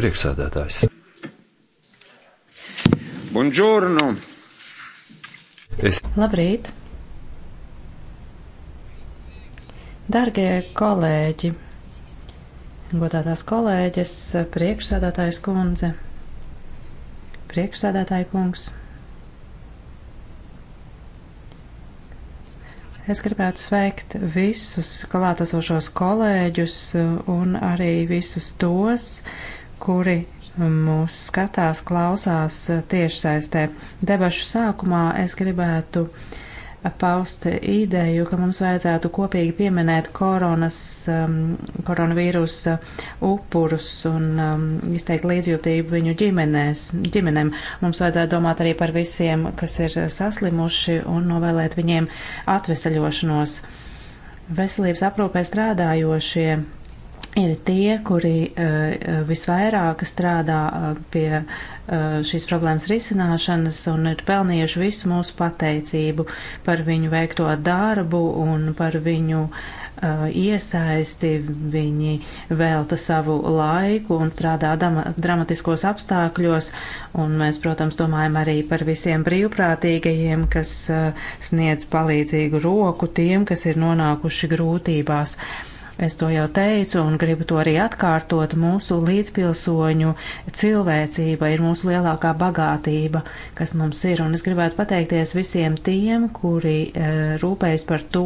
priekšsēdētājs. Buongiorno! Es... Labrīt! Dargie kolēģi, godātās kolēģis, priekšsēdētājs kundze, priekšsēdētāja kungs. Es gribētu sveikt visus klātesošos kolēģus un arī visus tos, kuri mūs skatās, klausās tiešsaistē. Debašu sākumā es gribētu paust ideju, ka mums vajadzētu kopīgi pieminēt koronas, um, koronavīrusa uh, upurus un um, izteikt līdzjūtību viņu ģimenēs, ģimenēm. Mums vajadzētu domāt arī par visiem, kas ir saslimuši un novēlēt viņiem atveseļošanos. Veselības aprūpē strādājošie ir tie, kuri uh, visvairāk strādā uh, pie uh, šīs problēmas risināšanas un ir pelnījuši visu mūsu pateicību par viņu veikto darbu un par viņu iesaisti. Viņi velta savu laiku un strādā dama, dramatiskos apstākļos, un mēs, protams, domājam arī par visiem brīvprātīgajiem, kas sniedz palīdzīgu roku tiem, kas ir nonākuši grūtībās. Uh, Es to jau teicu un gribu to arī atkārtot. Mūsu līdzpilsoņu cilvēcība ir mūsu lielākā bagātība, kas mums ir. Un es gribētu pateikties visiem tiem, kuri e, rūpējas par to,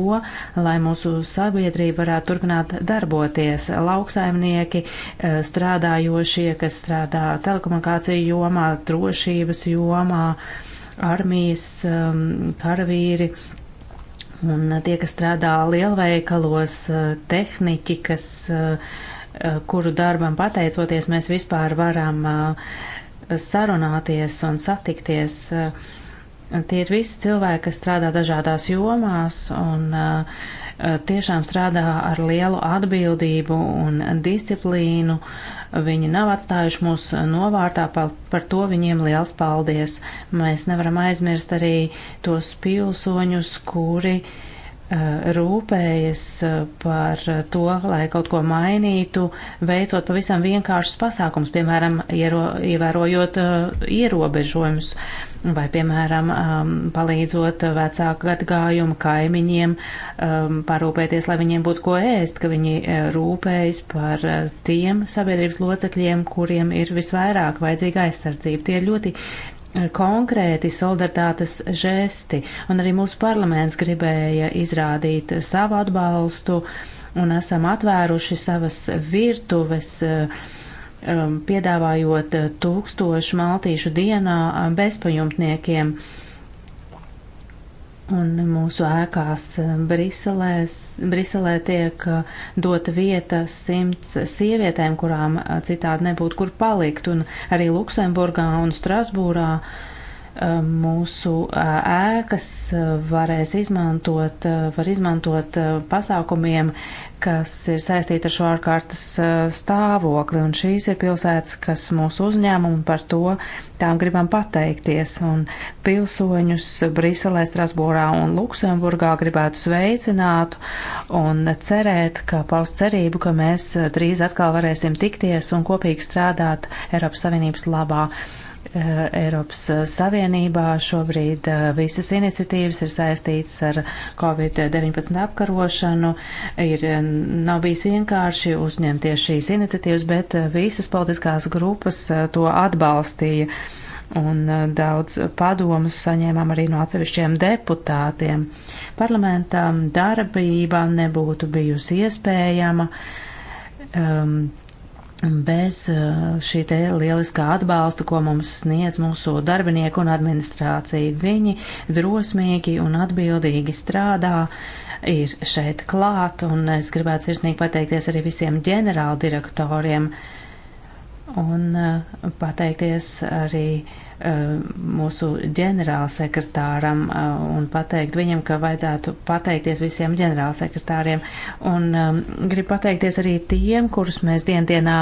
lai mūsu sabiedrība varētu turpināt darboties. Lauksaimnieki, e, strādājošie, kas strādā telekomunikāciju jomā, drošības jomā, armijas um, karavīri Un eh, tie, kas strādā lielveikalos, eh, tehniķi, kas, eh, kuru darbam pateicoties, mēs vispār varam sarunāties un satikties. Tie ir visi cilvēki, kas strādā dažādās jomās, un uh, Eh, tiešām strādā ar lielu atbildību un disciplīnu. Viņi nav atstājuši mūs novārtā, par, par to viņiem liels paldies. Mēs nevaram aizmirst arī tos pilsoņus, kuri uh, Eh, rūpējas eh, par to, lai kaut ko mainītu, veicot pavisam vienkāršus pasākums, piemēram, iero, ievērojot eh, ierobežojumus vai, piemēram, ehm, palīdzot vecāku gadgājumu kaimiņiem, ehm, parūpēties, lai viņiem būtu ko ēst, ka viņi rūpējas par tiem sabiedrības locekļiem, kuriem ir visvairāk vajadzīga aizsardzība. Tie ir ļoti konkrēti solidaritātes žesti, un arī mūsu parlaments gribēja izrādīt savu atbalstu, un esam atvēruši savas virtuves, um, piedāvājot tūkstošu maltīšu dienā um, bezpajumtniekiem Un mūsu ēkās eh, Briselēs, Briselē tiek eh, dota vieta simts sievietēm, kurām eh, citādi nebūtu kur palikt. Un arī Luksemburgā un Strasbūrā mūsu ēkas varēs izmantot, var izmantot pasākumiem, kas ir saistīta ar šo ārkārtas eh, stāvokli, un šīs ir pilsētas, kas mūsu uzņēmumu par to tām gribam pateikties, un pilsoņus Briselē, Strasbūrā un Luksemburgā gribētu sveicināt un cerēt, ka paust cerību, ka mēs drīz atkal varēsim tikties un kopīgi strādāt Eiropas Savienības labā. Eh, Eiropas eh, Savienībā šobrīd eh, visas iniciatīvas ir saistītas ar Covid-19 apkarošanu. Ir, nav bijis vienkārši uzņemties šīs iniciatīvas, bet visas politiskās grupas to atbalstīja. Un daudz padomus saņēmām arī no atsevišķiem deputātiem. Parlamentam darbība nebūtu bijusi iespējama. Um, bez eh, šī te lieliskā atbalsta, ko mums sniedz mūsu darbinieki un administrācija. Viņi drosmīgi un atbildīgi strādā, ir šeit klāt, un es gribētu sirsnīgi pateikties arī visiem ģenerāldirektoriem un eh, pateikties arī uh, Eh, mūsu ģenerālsekretāram eh, un pateikt viņam, ka vajadzētu pateikties visiem ģenerālsekretāriem. Un um, gribu pateikties arī tiem, kurus mēs diendienā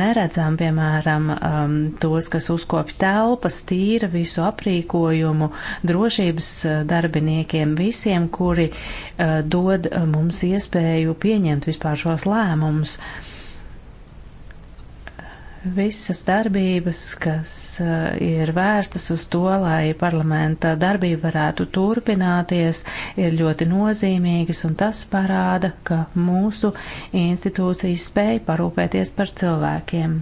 neredzam, piemēram, um, tos, kas uzkopja telpas, tīra visu aprīkojumu, drošības darbiniekiem, visiem, kuri uh, dod mums iespēju pieņemt vispār šos lēmumus. Uh, visas darbības, kas eh, ir vērstas uz to, lai parlamenta darbība varētu turpināties, ir ļoti nozīmīgas, un tas parāda, ka mūsu institūcijas spēja parūpēties par cilvēkiem.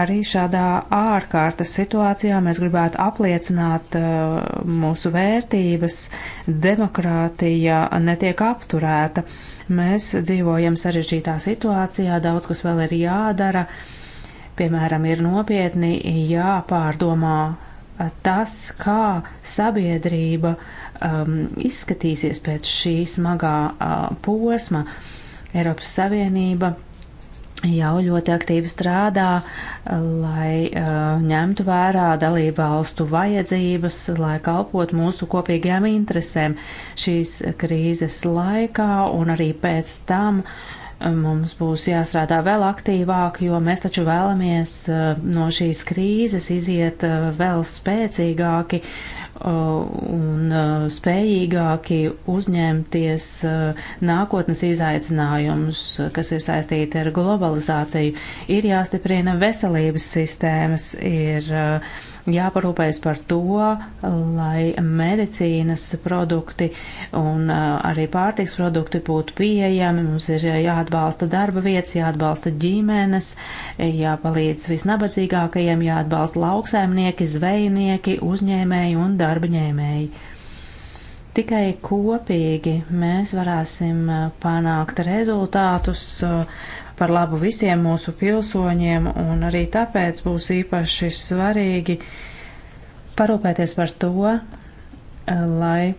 Arī šādā ārkārtas situācijā mēs gribētu apliecināt eh, mūsu vērtības, demokrātija netiek apturēta Mēs dzīvojam sarežģītā situācijā, daudz kas vēl ir jādara. Piemēram, ir nopietni jāpārdomā tas, kā sabiedrība um, izskatīsies pēc šī smagā uh, posma. Eiropas Savienība jau ļoti aktīvi strādā, lai uh, ņemtu vērā dalību valstu vajadzības, lai kalpot mūsu kopīgajām interesēm šīs krīzes laikā un arī pēc tam. Eh, mums būs jāstrādā vēl aktīvāk, jo mēs taču vēlamies uh, no šīs krīzes iziet uh, vēl spēcīgāki, uh, Uh, un uh, spējīgāki uzņemties uh, nākotnes izaicinājumus, kas ir saistīti ar globalizāciju. Ir jāstiprina veselības sistēmas, ir jāparūpējas par to, lai medicīnas produkti un uh, arī pārtiks produkti būtu pieejami. Mums ir jāatbalsta darba vietas, jāatbalsta ģimenes, jāpalīdz visnabadzīgākajiem, jāatbalsta lauksaimnieki, zvejnieki, uzņēmēji un darba ņēmēji. Tikai kopīgi mēs varēsim uh, panākt rezultātus uh, par labu visiem mūsu pilsoņiem, un arī tāpēc būs īpaši svarīgi parūpēties par to, eh, lai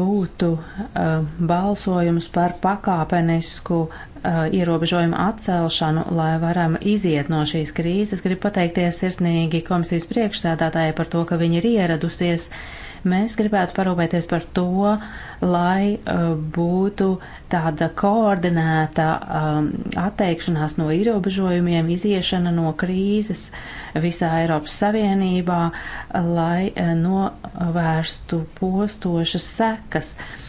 būtu eh, balsojums par pakāpenisku eh, ierobežojumu atcelšanu, lai varam iziet no šīs krīzes. Gribu pateikties sirsnīgi komisijas priekšsēdātājai par to, ka viņi ir ieradusies. Uh, mēs gribētu parūpēties par to, lai uh, būtu tāda koordinēta um, atteikšanās no ierobežojumiem, iziešana no krīzes visā Eiropas Savienībā, lai uh, novērstu postošas sekas. Uh,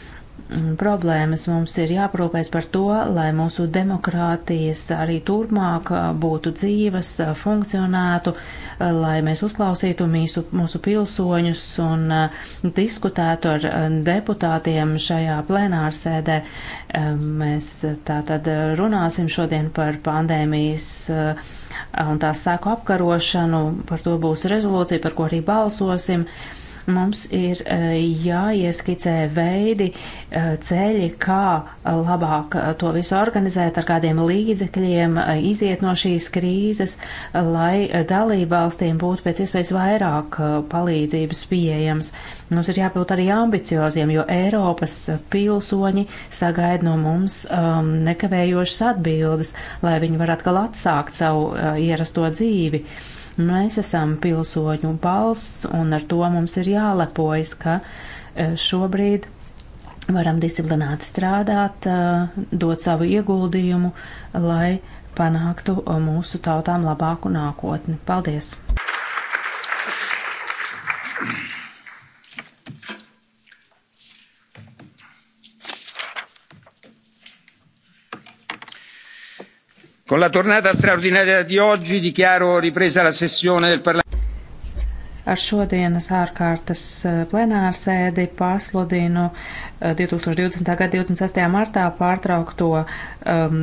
Mm, problēmas. Mums ir jāprūpēs par to, lai mūsu demokrātijas arī turpmāk uh, būtu dzīvas, uh, funkcionētu, uh, lai mēs uzklausītu mīsu, mūsu pilsoņus un diskutētu ar deputātiem šajā plenārsēdē. Um, mēs tātad runāsim šodien par pandēmijas un tās sēku apkarošanu, par to būs rezolūcija, par ko arī balsosim. Mums ir e, jāieskicē veidi, e, ceļi, kā labāk e, to visu organizēt, ar kādiem līdzekļiem iziet no šīs krīzes, lai dalībvalstīm būtu pēc iespējas vairāk palīdzības pieejams. Mums ir jābūt arī ambicioziem, jo Eiropas pilsoņi sagaida no mums um, nekavējošas atbildes, lai viņi var atkal atsākt savu uh, ierasto dzīvi. Uh, Mēs esam pilsoņu balss, un ar to mums ir jālepojas, ka e, šobrīd varam disciplinēti strādāt, e, dot savu ieguldījumu, lai panāktu e, mūsu tautām labāku nākotni. Paldies! Thank you. Con la tornata straordinaria di oggi dichiaro ripresa la sessione del Parlamento. Ar šodienas ārkārtas eh, plenāru sēdi pasludinu 2020. Eh, gada 26. martā pārtraukto um,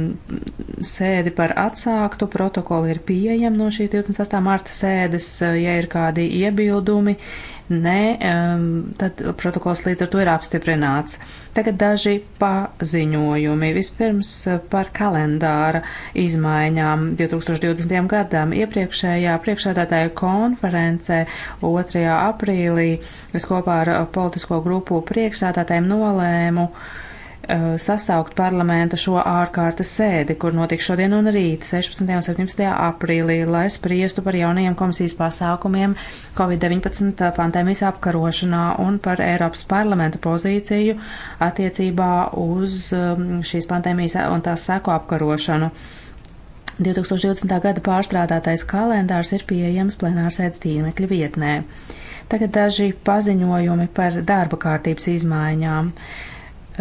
sēdi par atsāktu. Protokoli ir pieejami no šīs 26. marta sēdes, eh, ja ir kādi iebildumi. Uh, nē, um, tad protokols līdz ar to ir apstiprināts. Tagad daži paziņojumi. Vispirms eh, par kalendāra izmaiņām 2020. gadam iepriekšējā priekšsēdētāja konferencē 2. aprīlī es kopā ar politisko grupu priekšsēdētājiem nolēmu, uh, Eh, sasaukt parlamenta šo ārkārtas sēdi, kur notiks šodien un rīt, 16. un 17. aprīlī, lai spriestu par jaunajiem komisijas pasākumiem COVID-19 eh, pandēmijas apkarošanā un par Eiropas parlamenta pozīciju attiecībā uz um, šīs pandēmijas un tās seko apkarošanu. 2020. gada pārstrādātais kalendārs ir pieejams plenārsēdes tīmekļa vietnē. Tagad daži paziņojumi par darba kārtības izmaiņām. Uh,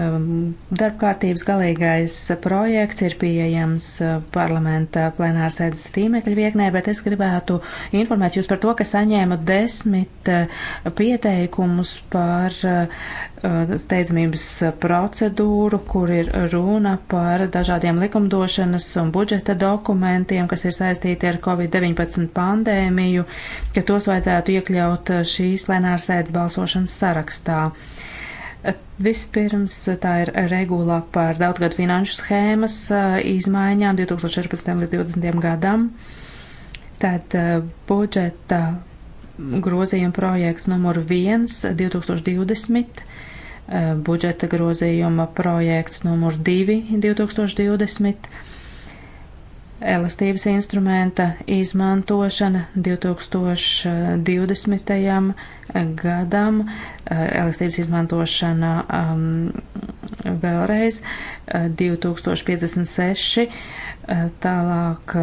Um, darbkārtības galīgais projekts ir pieejams uh, parlamenta plenāras sēdes tīmekļa vietnē, bet es gribētu informēt jūs par to, ka saņēmu desmit uh, pieteikumus par uh, steidzamības procedūru, kur ir runa par dažādiem likumdošanas un budžeta dokumentiem, kas ir saistīti ar Covid-19 pandēmiju, ka tos vajadzētu iekļaut šīs plenāras sēdes balsošanas sarakstā. Uh, Vispirms eh, tā ir regulā par daudzgadu finanšu schēmas eh, izmaiņām 2014. līdz 2020. gadam. Tad eh, budžeta grozījuma projekts numur 1 2020, budžeta grozījuma projekts numur 2 2020 elastības instrumenta izmantošana 2020. gadam, eh, elastības izmantošana um, vēlreiz 2056, eh, eh, tālāk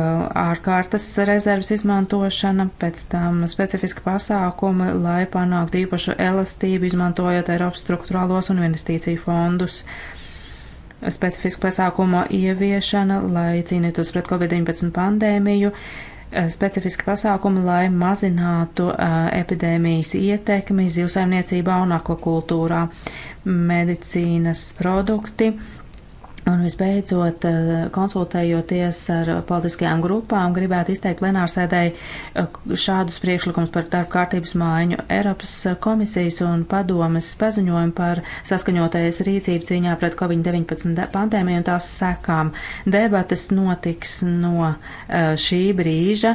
ārkārtas rezerves izmantošana, pēc tam specifiski pasākumi, lai panāktu īpašu elastību, izmantojot Eiropas struktūrālos un investīciju fondus. Uh, specifisku pasākumu ieviešana, lai cīnītos pret COVID-19 pandēmiju, eh, specifiski pasākumi, lai mazinātu eh, epidēmijas ietekmi zivsaimniecībā un akvakultūrā, medicīnas produkti Un visbeidzot, eh, konsultējoties ar politiskajām grupām, gribētu izteikt plenārsēdēji eh, šādus priekšlikums par darba kārtības mājiņu. Eiropas komisijas un padomes paziņojumu par saskaņotājas rīcību cīņā pret COVID-19 pandēmiju un tās sekām. Debates notiks no eh, šī brīža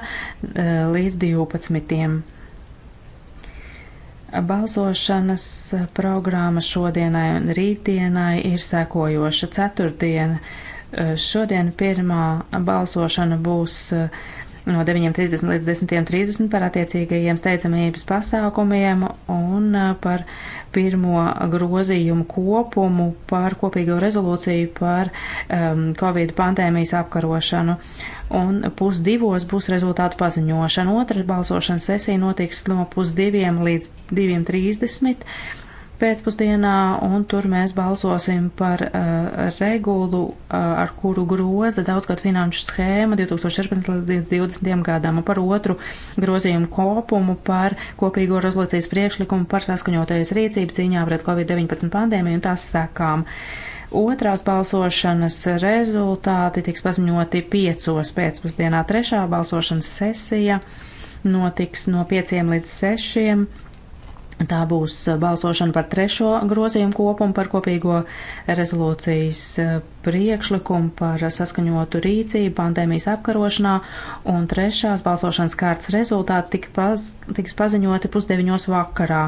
līdz 12. Balsošanas programma šodienai un rītdienai ir sekojoša ceturtdiena. Šodien pirmā balsošana būs no 9.30 līdz 10.30 par attiecīgajiem steidzamības pasākumiem un uh, par pirmo grozījumu kopumu par kopīgo rezolūciju par um, Covid pandēmijas apkarošanu. Un pusdivos būs rezultātu paziņošana. Otra balsošanas sesija notiks no pusdiviem līdz 2.30 pēcpusdienā, un tur mēs balsosim par uh, regulu, uh, ar kuru groza daudzgad finanšu schēma 2014 līdz 2020 gadam, un par otru grozījumu kopumu par kopīgo rezolūcijas priekšlikumu par saskaņotais rīcību cīņā pret COVID-19 pandēmiju un tās sekām. Otrās balsošanas rezultāti tiks paziņoti piecos pēcpusdienā. Trešā balsošanas sesija notiks no pieciem līdz sešiem. Tā būs balsošana par trešo grozījumu kopumu par kopīgo rezolūcijas eh, priekšlikumu par saskaņotu rīcību pandēmijas apkarošanā, un trešās balsošanas kārtas rezultāti tik paz, tiks paziņoti pusdeviņos vakarā,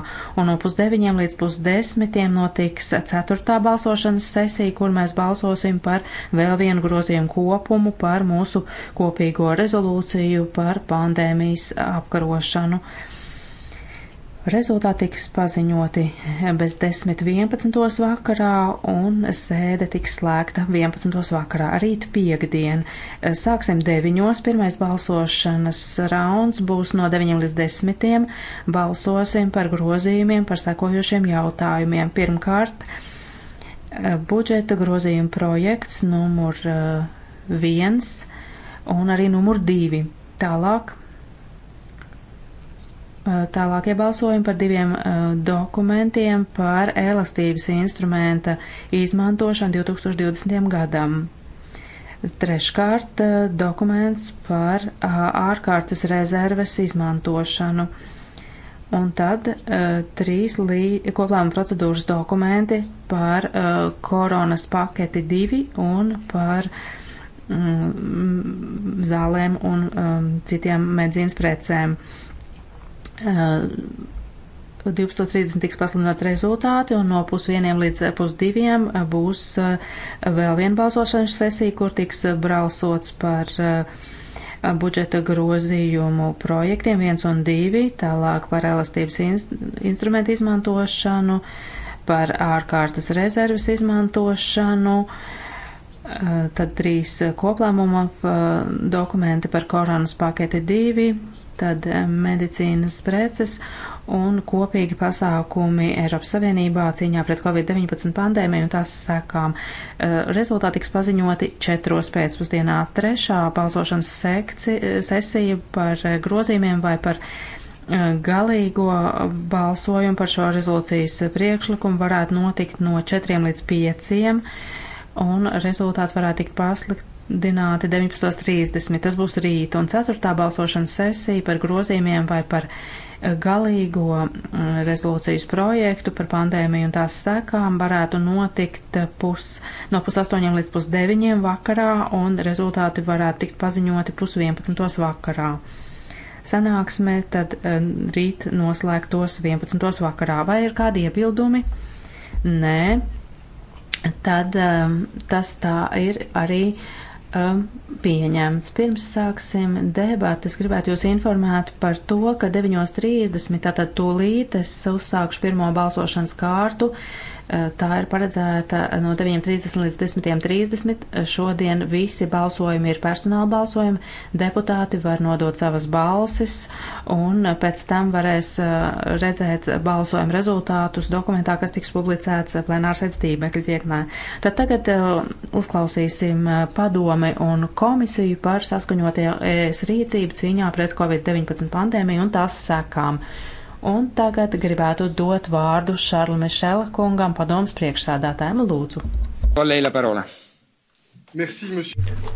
un no pusdeviņiem līdz pusdesmitiem notiks ceturtā balsošanas sesija, kur mēs balsosim par vēl vienu grozījumu kopumu par mūsu kopīgo rezolūciju par pandēmijas apkarošanu. Rezultāti tiks paziņoti bez 10.11. vakarā un sēde tiks slēgta 11. vakarā, rīt piekdien. Sāksim 9. pirmais balsošanas rauns būs no 9 līdz 10. Balsosim par grozījumiem, par sekojošiem jautājumiem. Pirmkārt, budžeta grozījuma projekts numur 1 eh, un arī numur 2. Tālāk Uh, tālākie balsojumi par diviem uh, dokumentiem par elastības instrumenta izmantošanu 2020. gadam. Treškārt, uh, dokuments par ārkārtas rezerves izmantošanu. Un tad uh, trīs koplāma procedūras dokumenti par uh, koronas paketi divi un par mm, zālēm un um, citiem medzīnas precēm. Uh, 12.30 tiks pasludināt rezultāti, un no pusvieniem līdz pusdiviem būs vēl viena balsošanas sesija, kur tiks brausots par budžeta grozījumu projektiem 1 un 2, tālāk par elastības instrumentu izmantošanu, par ārkārtas rezerves izmantošanu, tad trīs koplēmuma dokumenti par koronas paketi 2 tad medicīnas preces un kopīgi pasākumi Eiropas Savienībā cīņā pret Covid-19 pandēmiju un tās sekām. Eh, rezultāti tiks paziņoti četros pēcpusdienā. Trešā balsošanas sekci, sesija par eh, grozījumiem vai par eh, galīgo balsojumu par šo rezolūcijas priekšlikumu varētu notikt no 4 līdz 5, un rezultāti varētu tikt paslikt dināti 19.30. Tas būs rīt, un ceturtā balsošanas sesija par grozījumiem vai par eh, galīgo eh, rezolūcijas projektu par pandēmiju un tās sekām varētu notikt eh, pus, no pusastoņiem līdz pusdeviņiem vakarā, un rezultāti varētu tikt paziņoti pusvienpadsmitos vakarā. Sanāksme tad rīt noslēgtos 11. vakarā. Vai ir kādi iebildumi? Nē. Tad tas tā ir arī uh, Um, pieņemts. Pirms sāksim debāt, es gribētu jūs informēt par to, ka 9.30, tātad tūlīt, es uzsākšu pirmo balsošanas kārtu Eh, tā ir paredzēta no 9.30 līdz 10.30. Eh, šodien visi balsojumi ir personāla balsojumi. Deputāti var nodot savas balsis un eh, pēc tam varēs redzēt balsojumu rezultātus dokumentā, kas tiks publicēts plenārsēdz tīmekļa vietnē. Tad tagad uzklausīsim padomi un komisiju par saskaņotajās rīcību cīņā pret COVID-19 pandēmiju un tās sekām. Un tagad gribētu dot vārdu Šarlu Mišela kungam, padoms priekšsādātājiem, lūdzu.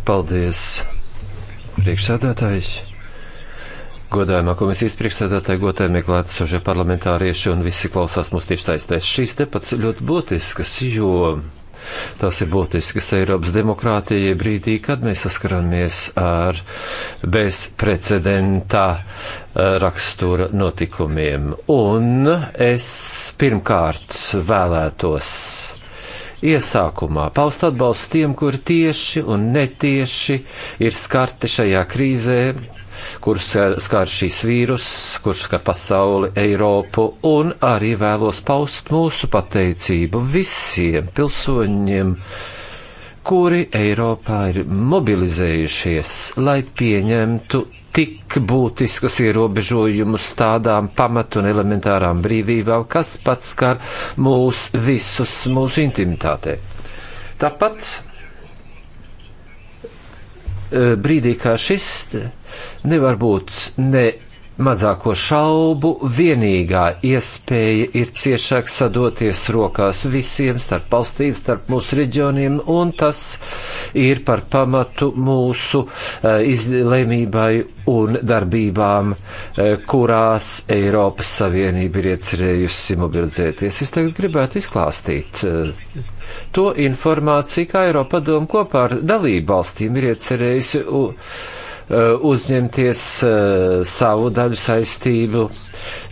Paldies, priekšsādātājs. Godājumā komisijas priekšsēdētāji, godājumie klātesošie parlamentārieši un visi klausās mūsu tiešsaistēs. Šīs debats ļoti būtiskas, jo Tās ir būtiskas Eiropas demokrātijai brīdī, kad mēs saskaramies ar bezprecedentā eh, rakstura notikumiem. Un es pirmkārt vēlētos iesākumā paust atbalstu tiem, kuri tieši un netieši ir skarti šajā krīzē kurus skar šīs vīrus, kurš skar pasauli, Eiropu, un arī vēlos paust mūsu pateicību visiem pilsoņiem kuri Eiropā ir mobilizējušies, lai pieņemtu tik būtiskus ierobežojumus tādām pamat un elementārām brīvībām, kas pats skar mūs visus mūsu intimitātē. Tāpat eh, brīdī kā šis nevar būt ne mazāko šaubu, vienīgā iespēja ir ciešāk sadoties rokās visiem starp valstīm, starp mūsu reģioniem, un tas ir par pamatu mūsu uh, izlēmībai un darbībām, uh, kurās Eiropas Savienība ir iecerējusi mobilizēties. Es tagad gribētu izklāstīt. Uh, To informāciju, kā Eiropa doma kopā ar dalību valstīm ir iecerējusi. Uh, Eh, uzņemties eh, savu daļu saistību.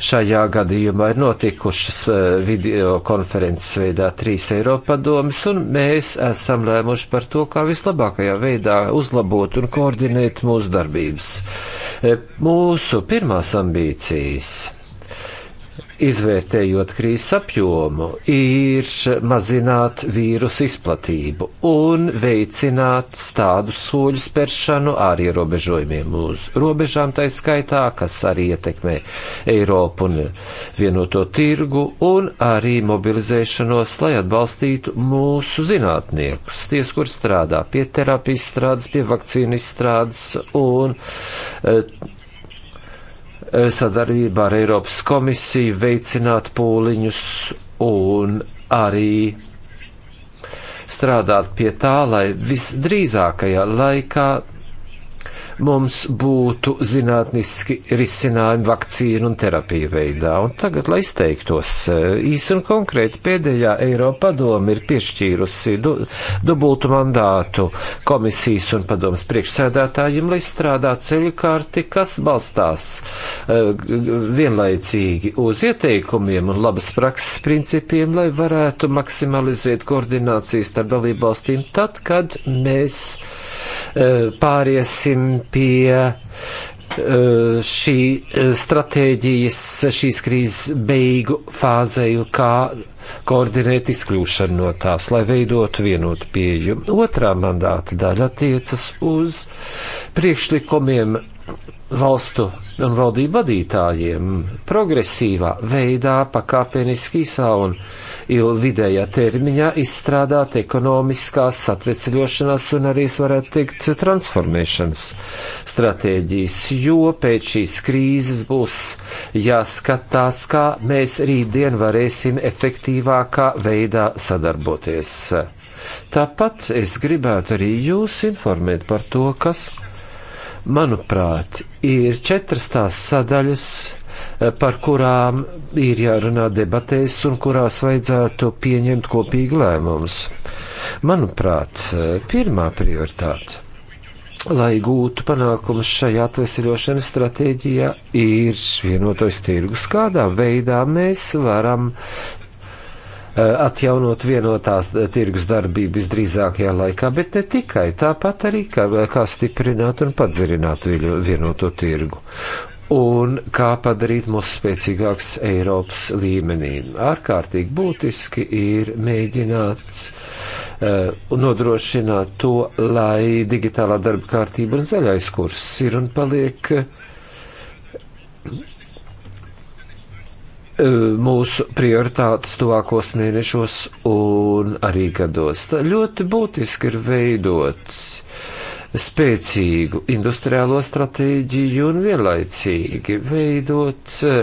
Šajā gadījumā ir notikušas eh, videokonferences veidā trīs Eiropadomis, un mēs esam lēmuši par to, kā vislabākajā veidā uzlabot un koordinēt mūsu darbības. Mūsu pirmās ambīcijas izvērtējot krīzes apjomu, ir mazināt vīrusu izplatību un veicināt tādu soļu spēršanu ar ierobežojumiem uz robežām, tā skaitā, kas arī ietekmē Eiropu un vienoto tirgu, un arī mobilizēšanos, lai atbalstītu mūsu zinātniekus, ties, kur strādā pie terapijas strādes, pie vakcīnu izstrādes un eh, Eh, sadarbībā ar Eiropas komisiju veicināt pūliņus un arī strādāt pie tā, lai visdrīzākajā laikā mums būtu zinātniski risinājumi vakcīnu un terapiju veidā. Un tagad, lai izteiktos eh, īsi un konkrēti, pēdējā Eiropa padoma ir piešķīrusi du, dubultu mandātu komisijas un padomas priekšsēdētājiem, lai izstrādātu ceļu karti, kas balstās uh, vienlaicīgi uz ieteikumiem un labas prakses principiem, lai varētu maksimalizēt koordinācijas starp dalībvalstīm tad, kad mēs uh, pāriesim pie eh, šī stratēģijas, šīs krīzes beigu fāzēju, kā koordinēt izkļūšanu no tās, lai veidotu vienotu pieju. Otrā mandāta daļa attiecas uz priekšlikumiem valstu un valdību vadītājiem progresīvā veidā pakāpeniski īsā un vidējā termiņā izstrādāt ekonomiskās atvesļošanās un arī, varētu teikt, transformēšanas stratēģijas, jo pēc šīs krīzes būs jāskatās, kā mēs rītdien varēsim efektīvākā veidā sadarboties. Tāpat es gribētu arī jūs informēt par to, kas, manuprāt, ir četras tās sadaļas, par kurām ir jārunā debatēs un kurās vajadzētu pieņemt kopīgi lēmumus. Manuprāt, pirmā prioritāte lai gūtu panākumus šajā atvesļošanas stratēģijā, ir vienotais tirgus, kādā veidā mēs varam eh, atjaunot vienotās eh, tirgus darbību visdrīzākajā laikā, bet ne tikai, tāpat arī kā, eh, kā stiprināt un padzirināt vienoto tirgu un kā padarīt mūs spēcīgāks Eiropas līmenī. Ārkārtīgi būtiski ir mēģināt uh, nodrošināt to, lai digitālā darba kārtība un zaļais kurs ir un paliek uh, mūsu prioritātes tuvākos mēnešos un arī gados. Tā ļoti būtiski ir veidot uh, spēcīgu industriālo stratēģiju un vienlaicīgi veidot eh,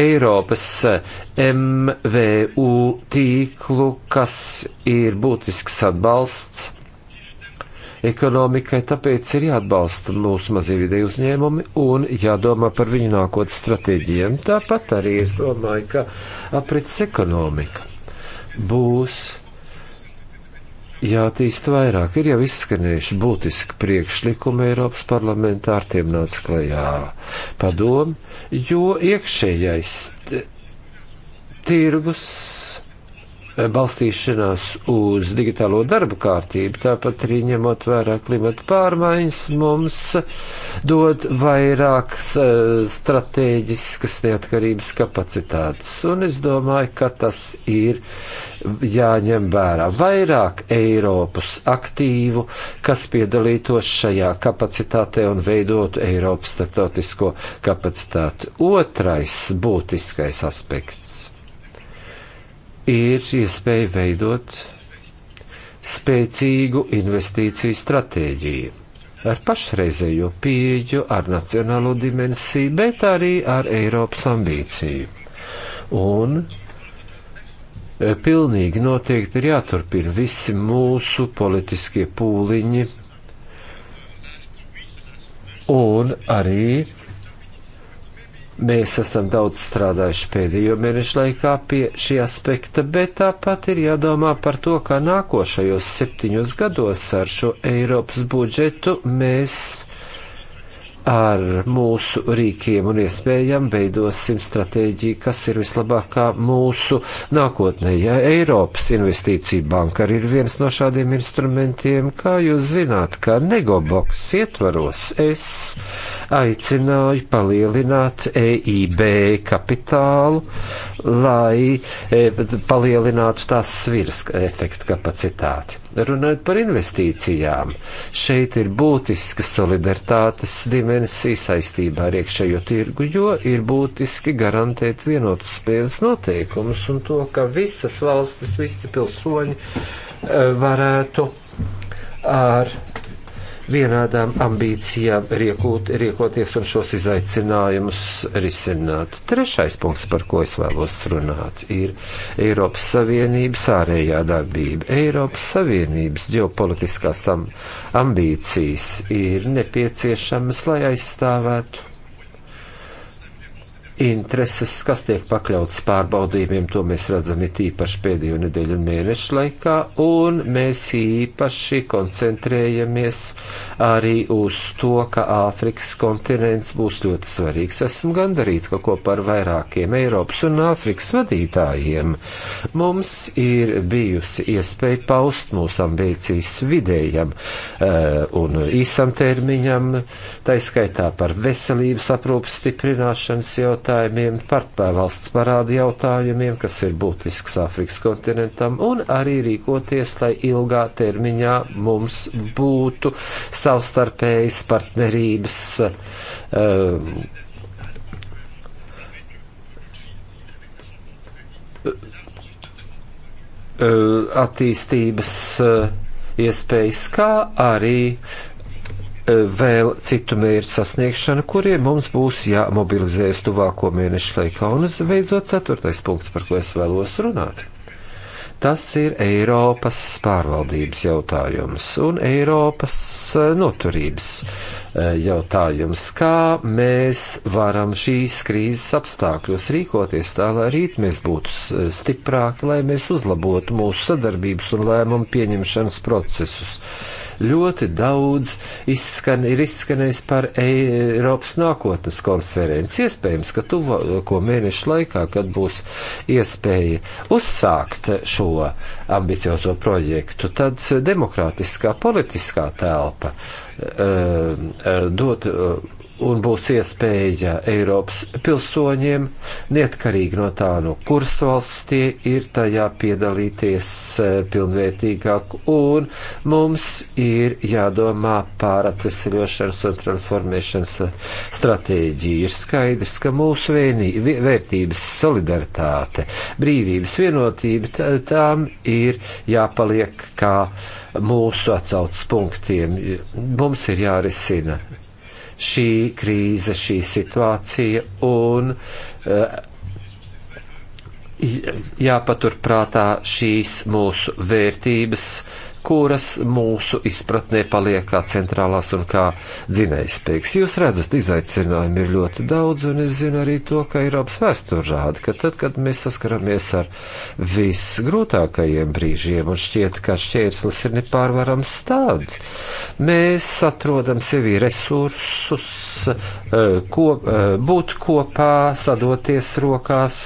Eiropas eh, MVU tīklu, kas ir būtisks atbalsts ekonomikai, tāpēc ir jāatbalsta mūsu mazie vidēji uzņēmumi un jādomā par viņu nākotnes stratēģiem. Tāpat arī es domāju, ka aprits ekonomika būs jātīst vairāk. Ir jau izskanējuši būtiski priekšlikumi Eiropas parlamentā, ar tiem nāca klajā padomu, jo iekšējais tirgus balstīšanās uz digitālo darba kārtību, tāpat arī ņemot vērā klimata pārmaiņas, mums dod vairāk eh, stratēģiskas neatkarības kapacitātes. Un es domāju, ka tas ir jāņem vērā. Vairāk Eiropas aktīvu, kas piedalītos šajā kapacitātē un veidotu Eiropas starptautisko kapacitāti. Otrais būtiskais aspekts ir iespēja veidot spēcīgu investīciju stratēģiju ar pašreizējo pieeju, ar nacionālo dimensiju, bet arī ar Eiropas ambīciju. Un e, pilnīgi noteikti ir jāturpina visi mūsu politiskie pūliņi un arī Mēs esam daudz strādājuši pēdējo mēnešu laikā pie šī aspekta, bet tāpat ir jādomā par to, kā nākošajos septiņos gados ar šo Eiropas budžetu mēs ar mūsu rīkiem un iespējām veidosim stratēģiju, kas ir vislabākā mūsu nākotnē. Ja Eiropas investīcija banka arī ir viens no šādiem instrumentiem, kā jūs zināt, kā negoboks ietvaros, es aicināju palielināt EIB kapitālu, lai e, palielinātu tās sviras efektu kapacitāti. Runājot par investīcijām, šeit ir būtiska solidaritātes dimensija mēnesī saistībā ar iekšējo tirgu, jo ir būtiski garantēt vienotus spēles noteikumus un to, ka visas valstis, visi pilsoņi eh, varētu ar vienādām ambīcijām riekot, riekoties un šos izaicinājumus risināt. Trešais punkts, par ko es vēlos runāt, ir Eiropas Savienības ārējā darbība. Eiropas Savienības ģeopolitiskās ambīcijas ir nepieciešamas, lai aizstāvētu intereses, kas tiek pakļautas pārbaudījumiem, to mēs redzam it īpaši pēdējo nedēļu un mēnešu laikā, un mēs īpaši koncentrējamies arī uz to, ka Āfrikas kontinents būs ļoti svarīgs. Esmu gandarīts, ka kopā ar vairākiem Eiropas un Āfrikas vadītājiem mums ir bijusi iespēja paust mūsu ambīcijas vidējam uh, un īsam termiņam, taiskaitā par veselības aprūpas stiprināšanas jautājumu, jautājumiem, par valsts parādu jautājumiem, kas ir būtisks Āfrikas kontinentam, un arī rīkoties, lai ilgā termiņā mums būtu savstarpējas partnerības. Um, uh, attīstības uh, iespējas, kā arī uh, vēl citu mērķu sasniegšanu, kuriem mums būs jāmobilizējas tuvāko mēnešu laikā. Un visbeidzot, ceturtais punkts, par ko es vēlos runāt. Tas ir Eiropas pārvaldības jautājums un Eiropas eh, noturības eh, jautājums. Kā mēs varam šīs krīzes apstākļos rīkoties tā, lai rīt mēs būtu eh, stiprāki, lai mēs uzlabotu mūsu sadarbības un lēmumu pieņemšanas procesus? Ļoti daudz izskan, ir izskanējis par Eiropas nākotnes konferenci. Iespējams, ka tuvāko mēnešu laikā, kad būs iespēja uzsākt šo ambiciozo projektu, tad demokrātiskā politiskā telpa uh, dot. Uh, un būs iespēja Eiropas pilsoņiem, neatkarīgi no tā, no kuras valsts tie ir, tajā piedalīties e, pilnvērtīgāk, un mums ir jādomā pār atvesaļošanas un transformēšanas e, stratēģiju. Ir skaidrs, ka mūsu vienī, vērtības solidaritāte, brīvības vienotība tām ir jāpaliek kā mūsu atsaucas punktiem. Mums ir jārisina šī krīze, šī situācija un eh, jāpaturprātā šīs mūsu vērtības, uh, kuras mūsu izpratnē paliek kā centrālās un kā dzinējspēks. Jūs redzat, izaicinājumi ir ļoti daudz, un es zinu arī to, ka Eiropas vēsture rāda, ka tad, kad mēs saskaramies ar visgrūtākajiem brīžiem, un šķiet, ka šķērslis ir nepārvarams tāds, mēs atrodam sevī resursus, eh, ko, eh, būt kopā, sadoties rokās,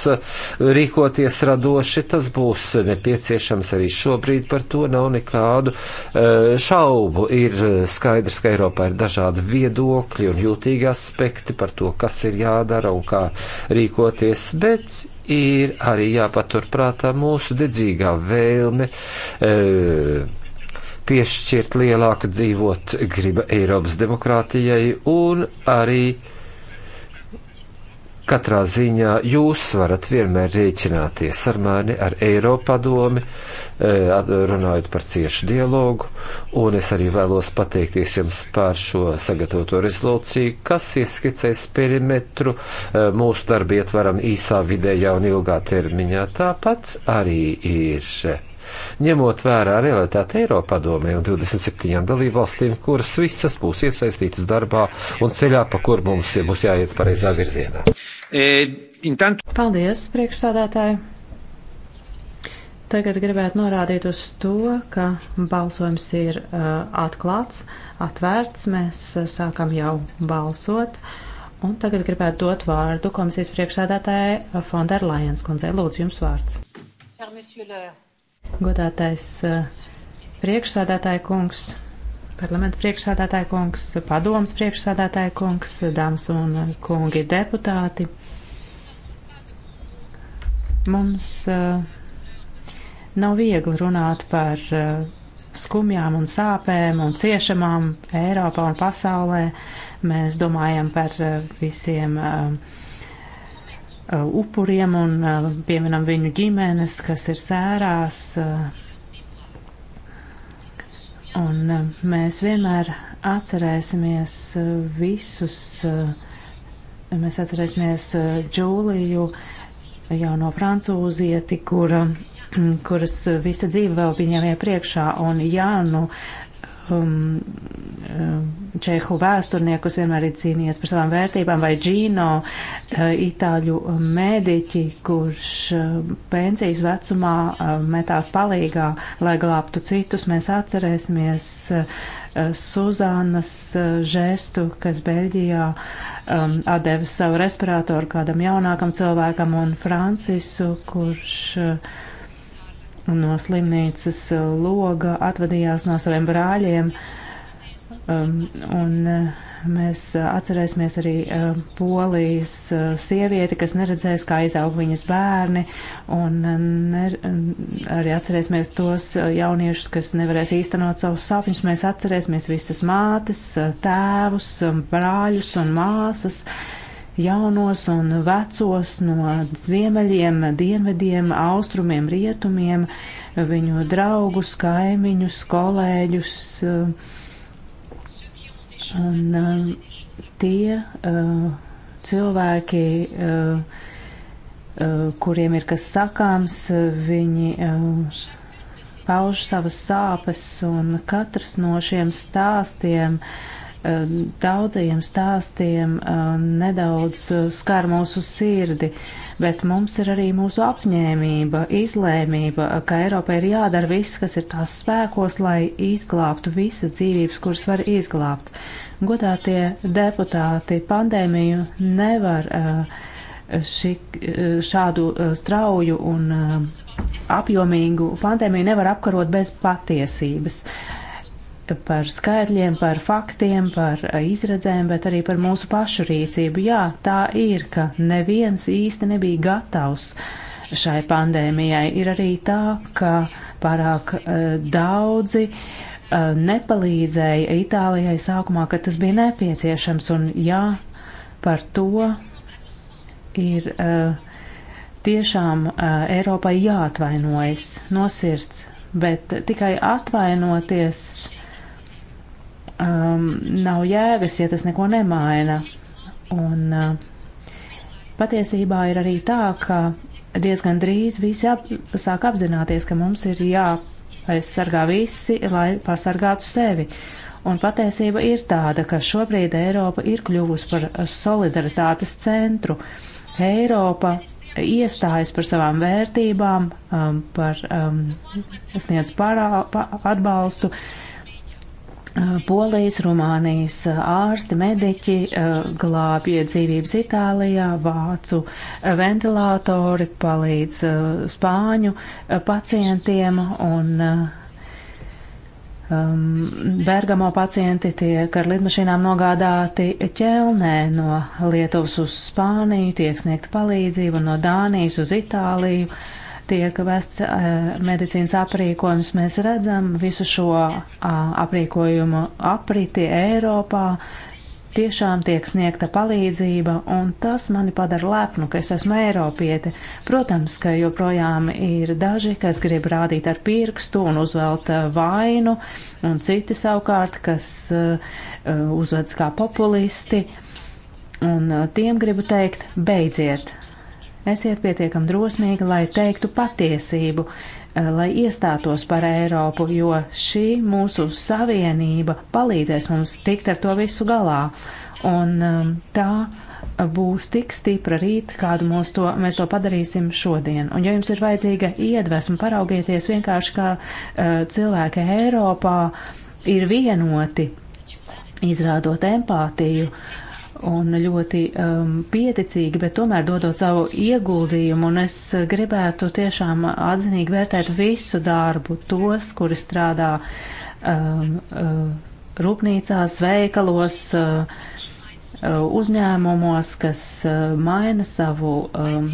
rīkoties radoši, tas būs nepieciešams arī šobrīd, par to nav nekā nekādu eh, šaubu. Ir eh, skaidrs, ka Eiropā ir dažādi viedokļi un jūtīgi aspekti par to, kas ir jādara un kā rīkoties, bet ir arī jāpaturprātā mūsu dedzīgā vēlme. E, piešķirt lielāku dzīvot griba Eiropas demokrātijai un arī uh, Katrā ziņā jūs varat vienmēr rēķināties ar mani, ar Eiropadomi, e, runājot par ciešu dialogu, un es arī vēlos pateikties jums par šo sagatavoto rezolūciju, kas ieskicēs perimetru e, mūsu darbietvaram īsā, vidējā un ilgā termiņā. Tāpat arī ir ņemot vērā realitāti Eiropadomē un 27 dalībvalstīm, kuras visas būs iesaistītas darbā un ceļā, pa kur mums būs jāiet pareizā virzienā. E, Paldies, priekšsādātāji! Tagad gribētu norādīt uz to, ka balsojums ir uh, atklāts, atvērts, mēs uh, sākam jau balsot. Un tagad gribētu dot vārdu komisijas priekšsēdētājai Fonderlajens kundzei. Lūdzu, jums vārds. Sir, godātais eh, priekšsādātāja kungs, parlamenta priekšsādātāja kungs, padomas priekšsādātāja kungs, dāmas un eh, kungi deputāti. Mums eh, nav viegli runāt par skumjām un sāpēm un ciešamām Eiropā un pasaulē. Mēs domājam par visiem uh, Uh, upuriem un uh, pieminam viņu ģimenes, kas ir sērās. Uh, un mēs vienmēr atcerēsimies visus, mēs atcerēsimies Džūliju, jauno francūzieti, kura, kuras visa dzīve vēl viņam ir priekšā, un Jānu, Um, um, čehu vēsturniekus vienmēr ir cīnījies par savām vērtībām, vai Džino, uh, itāļu mēdīķi, kurš uh, pensijas vecumā uh, metās palīgā, lai glābtu citus. Mēs atcerēsimies Suzānas žestu, kas Beļģijā um, atdeva savu respiratoru kādam jaunākam cilvēkam, un Francisu, kurš uh, no slimnīcas uh, loga atvadījās no saviem brāļiem. Um, un uh, mēs uh, atcerēsimies arī polijas sievieti, kas neredzēs, kā izaug viņas bērni, un ne, arī atcerēsimies tos jauniešus, kas nevarēs īstenot savus sapņus. Mēs atcerēsimies visas mātes, tēvus, um, brāļus un māsas. Uh, jaunos un vecos no ziemeļiem, dienvediem, austrumiem, rietumiem, viņu draugus, kaimiņus, kolēģus. Un eh, tie eh, cilvēki, eh, kuriem ir kas sakāms, viņi pauž savas sāpes, un katrs no šiem stāstiem uh, Eh, daudzajiem stāstiem eh, nedaudz eh, skar mūsu sirdi, bet mums ir arī mūsu apņēmība, izlēmība, ka Eiropai ir jādara viss, kas ir tās spēkos, lai izglābtu visas dzīvības, kuras var izglābt. Godātie deputāti, pandēmiju nevar ši, šādu strauju un apjomīgu pandēmiju nevar apkarot bez patiesības par skaitļiem, par faktiem, par eh, izredzēm, bet arī par mūsu pašu rīcību. Jā, tā ir, ka neviens īsti nebija gatavs šai pandēmijai. Ir arī tā, ka pārāk uh, daudzi uh, nepalīdzēja Itālijai sākumā, kad tas bija nepieciešams, un jā, par to ir uh, tiešām uh, Eiropai jāatvainojas no sirds, bet tikai atvainoties um, nav jēgas, ja tas neko nemaina. Un uh, patiesībā ir arī tā, ka diezgan drīz visi ap, sāk apzināties, ka mums ir jāaizsargā visi, lai pasargātu sevi. Un patiesība ir tāda, ka šobrīd Eiropa ir kļuvusi par solidaritātes centru. Eiropa iestājas par savām vērtībām, um, par um, sniedz parā, pa, atbalstu, uh, Polijas, Rumānijas ārsti, mediķi glābja dzīvības Itālijā, vācu ventilātori palīdz spāņu pacientiem un um, Bergamo pacienti tiek ar lidmašīnām nogādāti ķelnē no Lietuvas uz Spāniju, tiek sniegta palīdzība no Dānijas uz Itāliju. Uh, tiek vests eh, medicīnas aprīkojums. Mēs redzam visu šo aprīkojumu apriti Eiropā. Tiešām tiek sniegta palīdzība, un tas mani padara lepnu, ka es esmu Eiropieti. Protams, ka joprojām ir daži, kas grib rādīt ar pirkstu un uzvelt eh, vainu, un citi savukārt, kas eh, uzvedas kā populisti. Un tiem gribu teikt, beidziet, esiet pietiekam drosmīgi, lai teiktu patiesību, eh, lai iestātos par Eiropu, jo šī mūsu savienība palīdzēs mums tikt ar to visu galā. Un um, tā būs tik stipra rīt, kādu mūs to, mēs to padarīsim šodien. Un, ja jums ir vajadzīga iedvesma, paraugieties vienkārši kā uh, cilvēki Eiropā ir vienoti, izrādot empātiju, un ļoti um, pieticīgi, bet tomēr dodot savu ieguldījumu, un es gribētu tiešām atzinīgi vērtēt visu darbu, tos, kuri strādā um, uh, rūpnīcās, veikalos, uh, uh uzņēmumos, kas uh, maina savu um,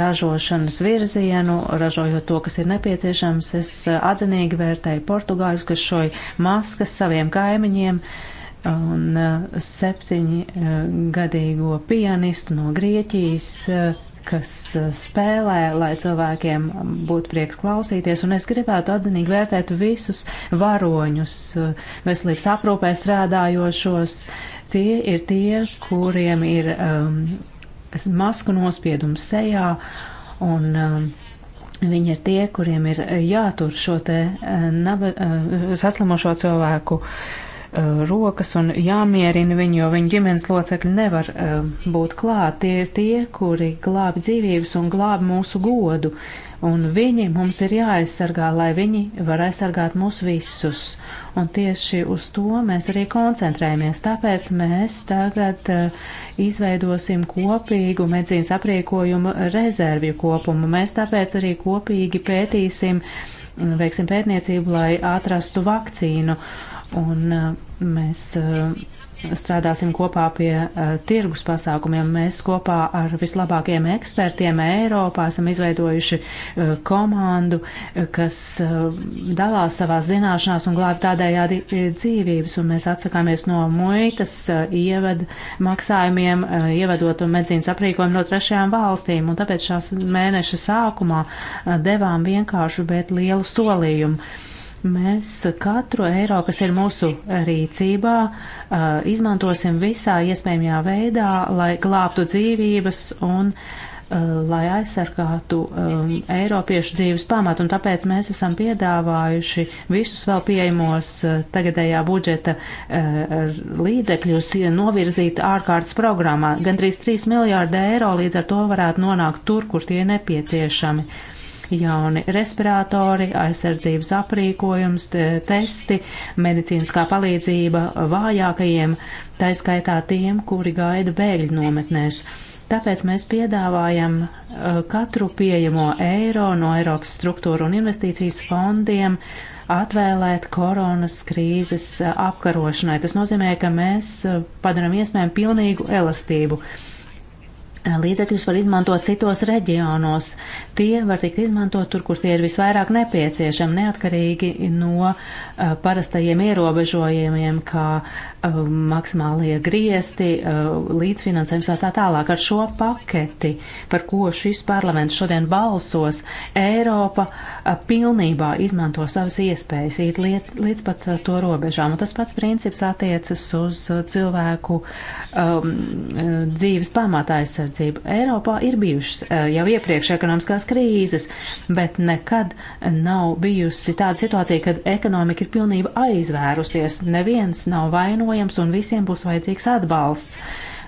ražošanas virzienu, ražojot to, kas ir nepieciešams. Es uh, atzinīgi vērtēju portugāļus, kas šoj maskas saviem kaimiņiem. Uh, un uh, septiņgadīgo uh, pianistu no Grieķijas, uh, kas spēlē, lai cilvēkiem um, būtu prieks klausīties, un es gribētu atzinīgi vērtēt visus varoņus, veselības aprūpē strādājošos. Tie ir tie, kuriem ir um, masku nospiedums sejā, un um, Viņi ir tie, kuriem ir jātur šo te naba, saslimošo cilvēku uh, Eh, rokas un jāmierina viņu, jo viņu ģimenes locekļi nevar eh, būt klāt. Tie ir tie, kuri glābi dzīvības un glābi mūsu godu, un viņi mums ir jāaizsargā, lai viņi var aizsargāt mūs visus. Un tieši uz to mēs arī koncentrējamies. Tāpēc mēs tagad eh, izveidosim kopīgu medzīnas aprīkojumu rezervju kopumu. Mēs tāpēc arī kopīgi pētīsim mm, veiksim pētniecību, lai atrastu vakcīnu un uh, mēs uh, strādāsim kopā pie uh, tirgus pasākumiem. Mēs kopā ar vislabākajiem ekspertiem Eiropā esam izveidojuši komandu, kas dalās savās zināšanās un glāb tādējādi dzīvības, un mēs atsakāmies no muitas ievada maksājumiem, ievedot un medzīnas aprīkojumu no trešajām valstīm, un tāpēc šās mēneša sākumā devām vienkāršu, bet lielu solījumu Mēs katru eiro, kas ir mūsu rīcībā, izmantosim visā iespējamajā veidā, lai glābtu dzīvības un lai aizsargātu um, Eiropiešu dzīves pamatu, un tāpēc mēs esam piedāvājuši visus vēl pieejamos uh, tagadējā budžeta uh, līdzekļus novirzīt ārkārtas programmā. Gandrīz 3 miljārdi eiro līdz ar to varētu nonākt tur, kur tie nepieciešami. Uh, jauni respiratori, aizsardzības aprīkojums, testi, medicīniskā palīdzība vājākajiem, taiskaitā tiem, kuri gaida bēgļu nometnēs. Tāpēc mēs piedāvājam uh, katru pieejamo eiro no Eiropas struktūra un investīcijas fondiem atvēlēt koronas krīzes uh, apkarošanai. Tas nozīmē, ka mēs uh, padaram iespējami pilnīgu elastību. Eh, līdzekļus var izmantot citos reģionos. Tie var tikt izmantot tur, kur tie ir visvairāk nepieciešami, neatkarīgi no uh, parastajiem ierobežojumiem, kā uh, maksimālie griesti, uh, līdzfinansējums vai tā tālāk. Ar šo paketi, par ko šis parlaments šodien balsos, Eiropa uh, pilnībā izmanto savas iespējas, iet liet, līdz pat uh, to robežām. Un tas pats princips attiecas uz uh, cilvēku um, dzīves pamata aizsardzību rīcību. Eiropā ir bijušas eh, jau iepriekš ekonomiskās krīzes, bet nekad nav bijusi tāda situācija, kad ekonomika ir pilnībā aizvērusies, neviens nav vainojams un visiem būs vajadzīgs atbalsts.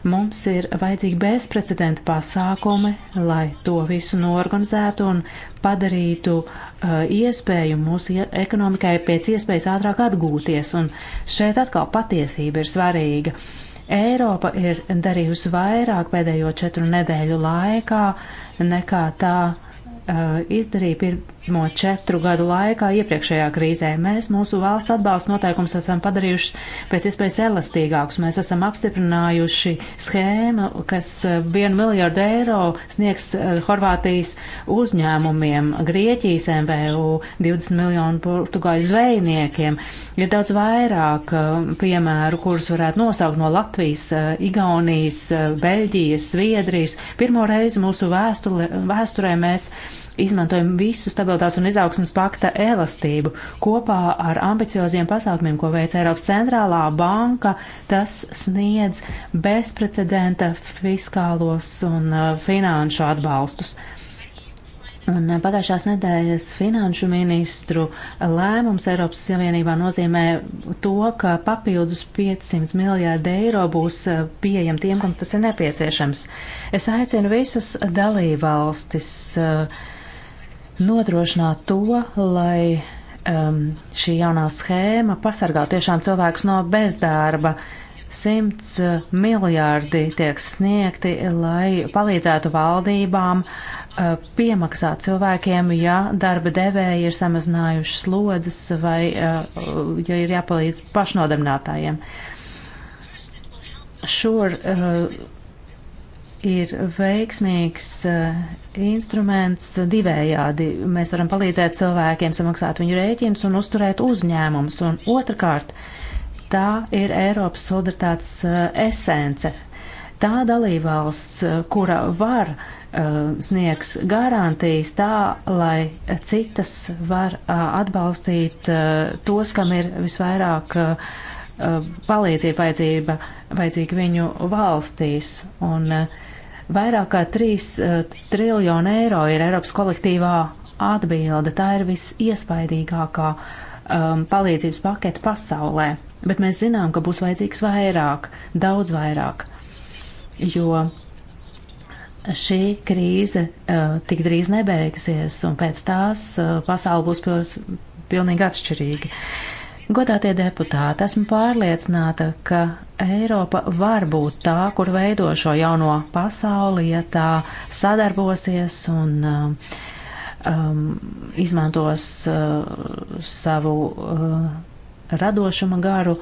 Mums ir vajadzīgi bezprecedenta pasākumi, lai to visu norganizētu un padarītu uh, iespēju mūsu ekonomikai pēc iespējas ātrāk atgūties. Un šeit atkal patiesība ir svarīga. Uh, Eiropa ir darījusi vairāk pēdējo četru nedēļu laikā nekā tā Uh, izdarīja pirmo četru gadu laikā iepriekšējā krīzē. Mēs mūsu valsts atbalsta noteikums esam padarījuši pēc iespējas elastīgākus. Mēs esam apstiprinājuši schēmu, kas uh, vienu miljardu eiro sniegs uh, Horvātijas uzņēmumiem, Grieķijas MVU, 20 miljonu portugāļu zvejniekiem. Ir daudz vairāk piemēru, kurus varētu nosaukt no Latvijas, Igaunijas, Beļģijas, Zviedrijas. Pirmo reizi mūsu vēsture, vēsturē mēs izmantojam visu stabilitātes un izaugsmas pakta elastību. Kopā ar ambicioziem pasākumiem, ko veic Eiropas centrālā banka, tas sniedz bezprecedenta fiskālos un uh, finanšu atbalstus. Un pagājušās nedēļas finanšu ministru lēmums Eiropas Savienībā nozīmē to, ka papildus 500 miljārdi eiro būs eh, pieejami tiem, kam tas ir nepieciešams. Es aicinu visas dalībvalstis eh, nodrošināt to, lai um, šī jaunā schēma pasargā tiešām cilvēkus no bezdarba. 100 eh, miljārdi tiek sniegti, lai palīdzētu valdībām uh, Uh, piemaksāt cilvēkiem, ja darba devēji ir samazinājuši slodzes vai uh, ja ir jāpalīdz pašnodarbinātājiem. Šur uh, ir veiksmīgs instruments divējādi. Mēs varam palīdzēt cilvēkiem samaksāt viņu rēķinus un uzturēt uzņēmumus. Un otrkārt, tā ir Eiropas solidaritātes esence. Tā dalībvalsts, kura var uh, Uh, sniegs garantijas tā, lai citas var uh, atbalstīt uh, tos, kam ir visvairāk palīdzība vajadzība, vajadzīga viņu valstīs. Un vairāk kā 3 triljonu eiro ir Eiropas kolektīvā atbilde. Tā ir visiespaidīgākā um, palīdzības pakete pasaulē. Bet mēs zinām, ka būs vajadzīgs vairāk, daudz vairāk, jo šī krīze uh, tik drīz nebeigsies, un pēc tās uh, eh, pasauli būs pils, pilnīgi atšķirīga. Godātie deputāti, esmu pārliecināta, ka Eiropa var būt tā, kur veido šo jauno pasauli, ja tā sadarbosies un uh, um, izmantos uh, savu uh, radošuma garu.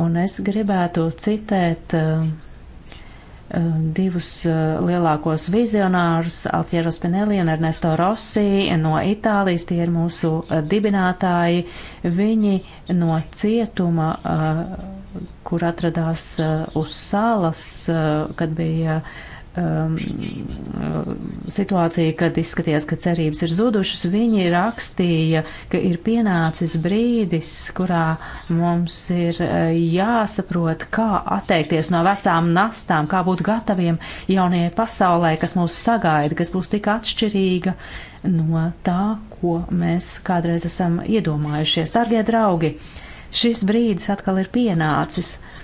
Un es gribētu citēt. Uh, Eh, divus eh, lielākos vizionārus, Altiero Spinelli un Ernesto Rossi eh, no Itālijas, tie ir mūsu dibinātāji. Viņi no cietuma, kur atradās uz salas, kad bija um, situācija, kad izskatījās, ka cerības ir zudušas, viņi rakstīja, ka ir pienācis brīdis, kurā mums ir uh, jāsaprot, kā atteikties no vecām nastām, kā būt gataviem jaunajai pasaulē, kas mūs sagaida, kas būs tik atšķirīga no tā, ko mēs kādreiz esam iedomājušies. Dargie draugi, šis brīdis atkal ir pienācis. Uh,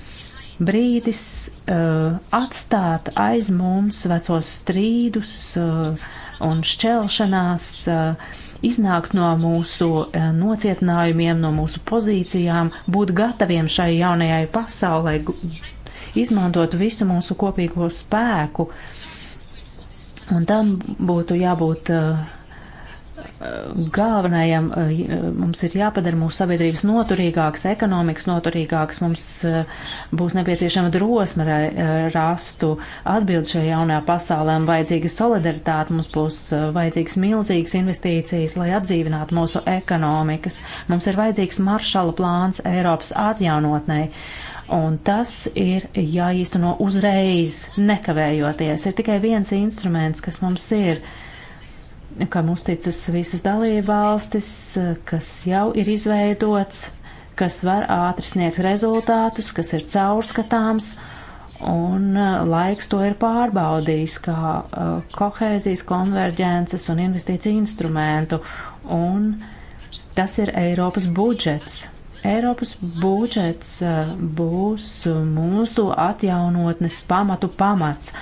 brīdis uh, atstāt aiz mums vecos strīdus uh, un šķelšanās, uh, iznākt no mūsu uh, nocietinājumiem, no mūsu pozīcijām, būt gataviem šai jaunajai pasaulē, izmantot visu mūsu kopīgo spēku. Un tam būtu jābūt. Uh, galvenajam eh, eh, mums ir jāpadara mūsu sabiedrības noturīgāks, ekonomikas noturīgāks, mums eh, būs nepieciešama drosme rastu atbildi šajā jaunajā pasaulē, un vajadzīga solidaritāte, mums būs vajadzīgas milzīgas investīcijas, lai atdzīvinātu mūsu ekonomikas. Mums ir vajadzīgs maršala plāns Eiropas atjaunotnei. Un tas ir jāīsteno uzreiz, nekavējoties. Ir tikai viens instruments, kas mums ir. Uh, kam uzticas visas dalībvalstis, kas jau ir izveidots, kas var ātri sniegt rezultātus, kas ir caurskatāms un uh, laiks to ir pārbaudījis kā uh, kohēzijas, konverģences un investīciju instrumentu. Un tas ir Eiropas budžets. Eiropas budžets uh, būs mūsu atjaunotnes pamatu pamats.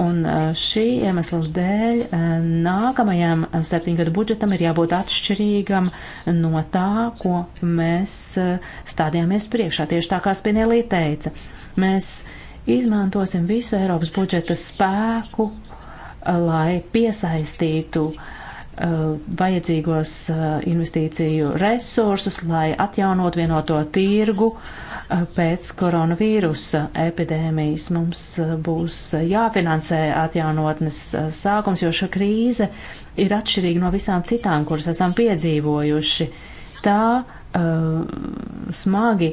Un e, šī iemesla dēļ e, nākamajam septiņgadu budžetam ir jābūt atšķirīgam no tā, ko mēs e, stādījāmies priekšā. Tieši tā kā Spinelī teica, mēs izmantosim visu Eiropas budžeta spēku, lai piesaistītu uh, Uh, vajadzīgos uh, investīciju resursus, lai atjaunot vienoto tirgu uh, pēc koronavīrusa epidēmijas. Mums būs jāfinansē atjaunotnes sākums, jo šī krīze ir atšķirīga no visām citām, kuras esam piedzīvojuši. Tā smagi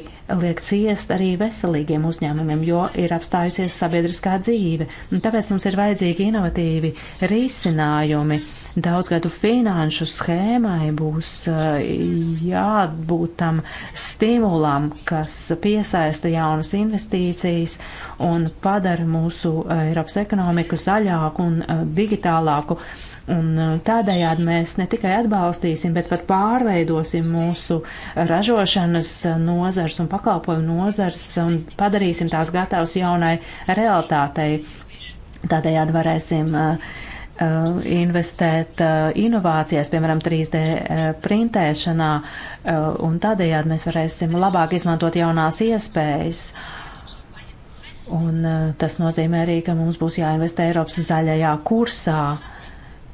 liek ciest arī veselīgiem uzņēmumiem, jo ir apstājusies sabiedriskā dzīve. Un tāpēc mums ir vajadzīgi inovatīvi risinājumi. Uh, Daudzgadu finanšu schēmai būs eh, jābūt tam stimulam, kas piesaista jaunas investīcijas un padara mūsu eh, Eiropas ekonomiku zaļāku un eh, digitālāku. Un tādējādi mēs ne tikai atbalstīsim, bet pat pārveidosim mūsu ražošanas nozars un pakalpojumu nozars un padarīsim tās gatavas jaunai realitātei. Tādējādi varēsim uh, Eh, investēt eh, inovācijās, piemēram, 3D eh, printēšanā, un tādējādi mēs varēsim labāk izmantot jaunās iespējas. Un tas nozīmē arī, ka mums būs jāinvestē Eiropas zaļajā kursā.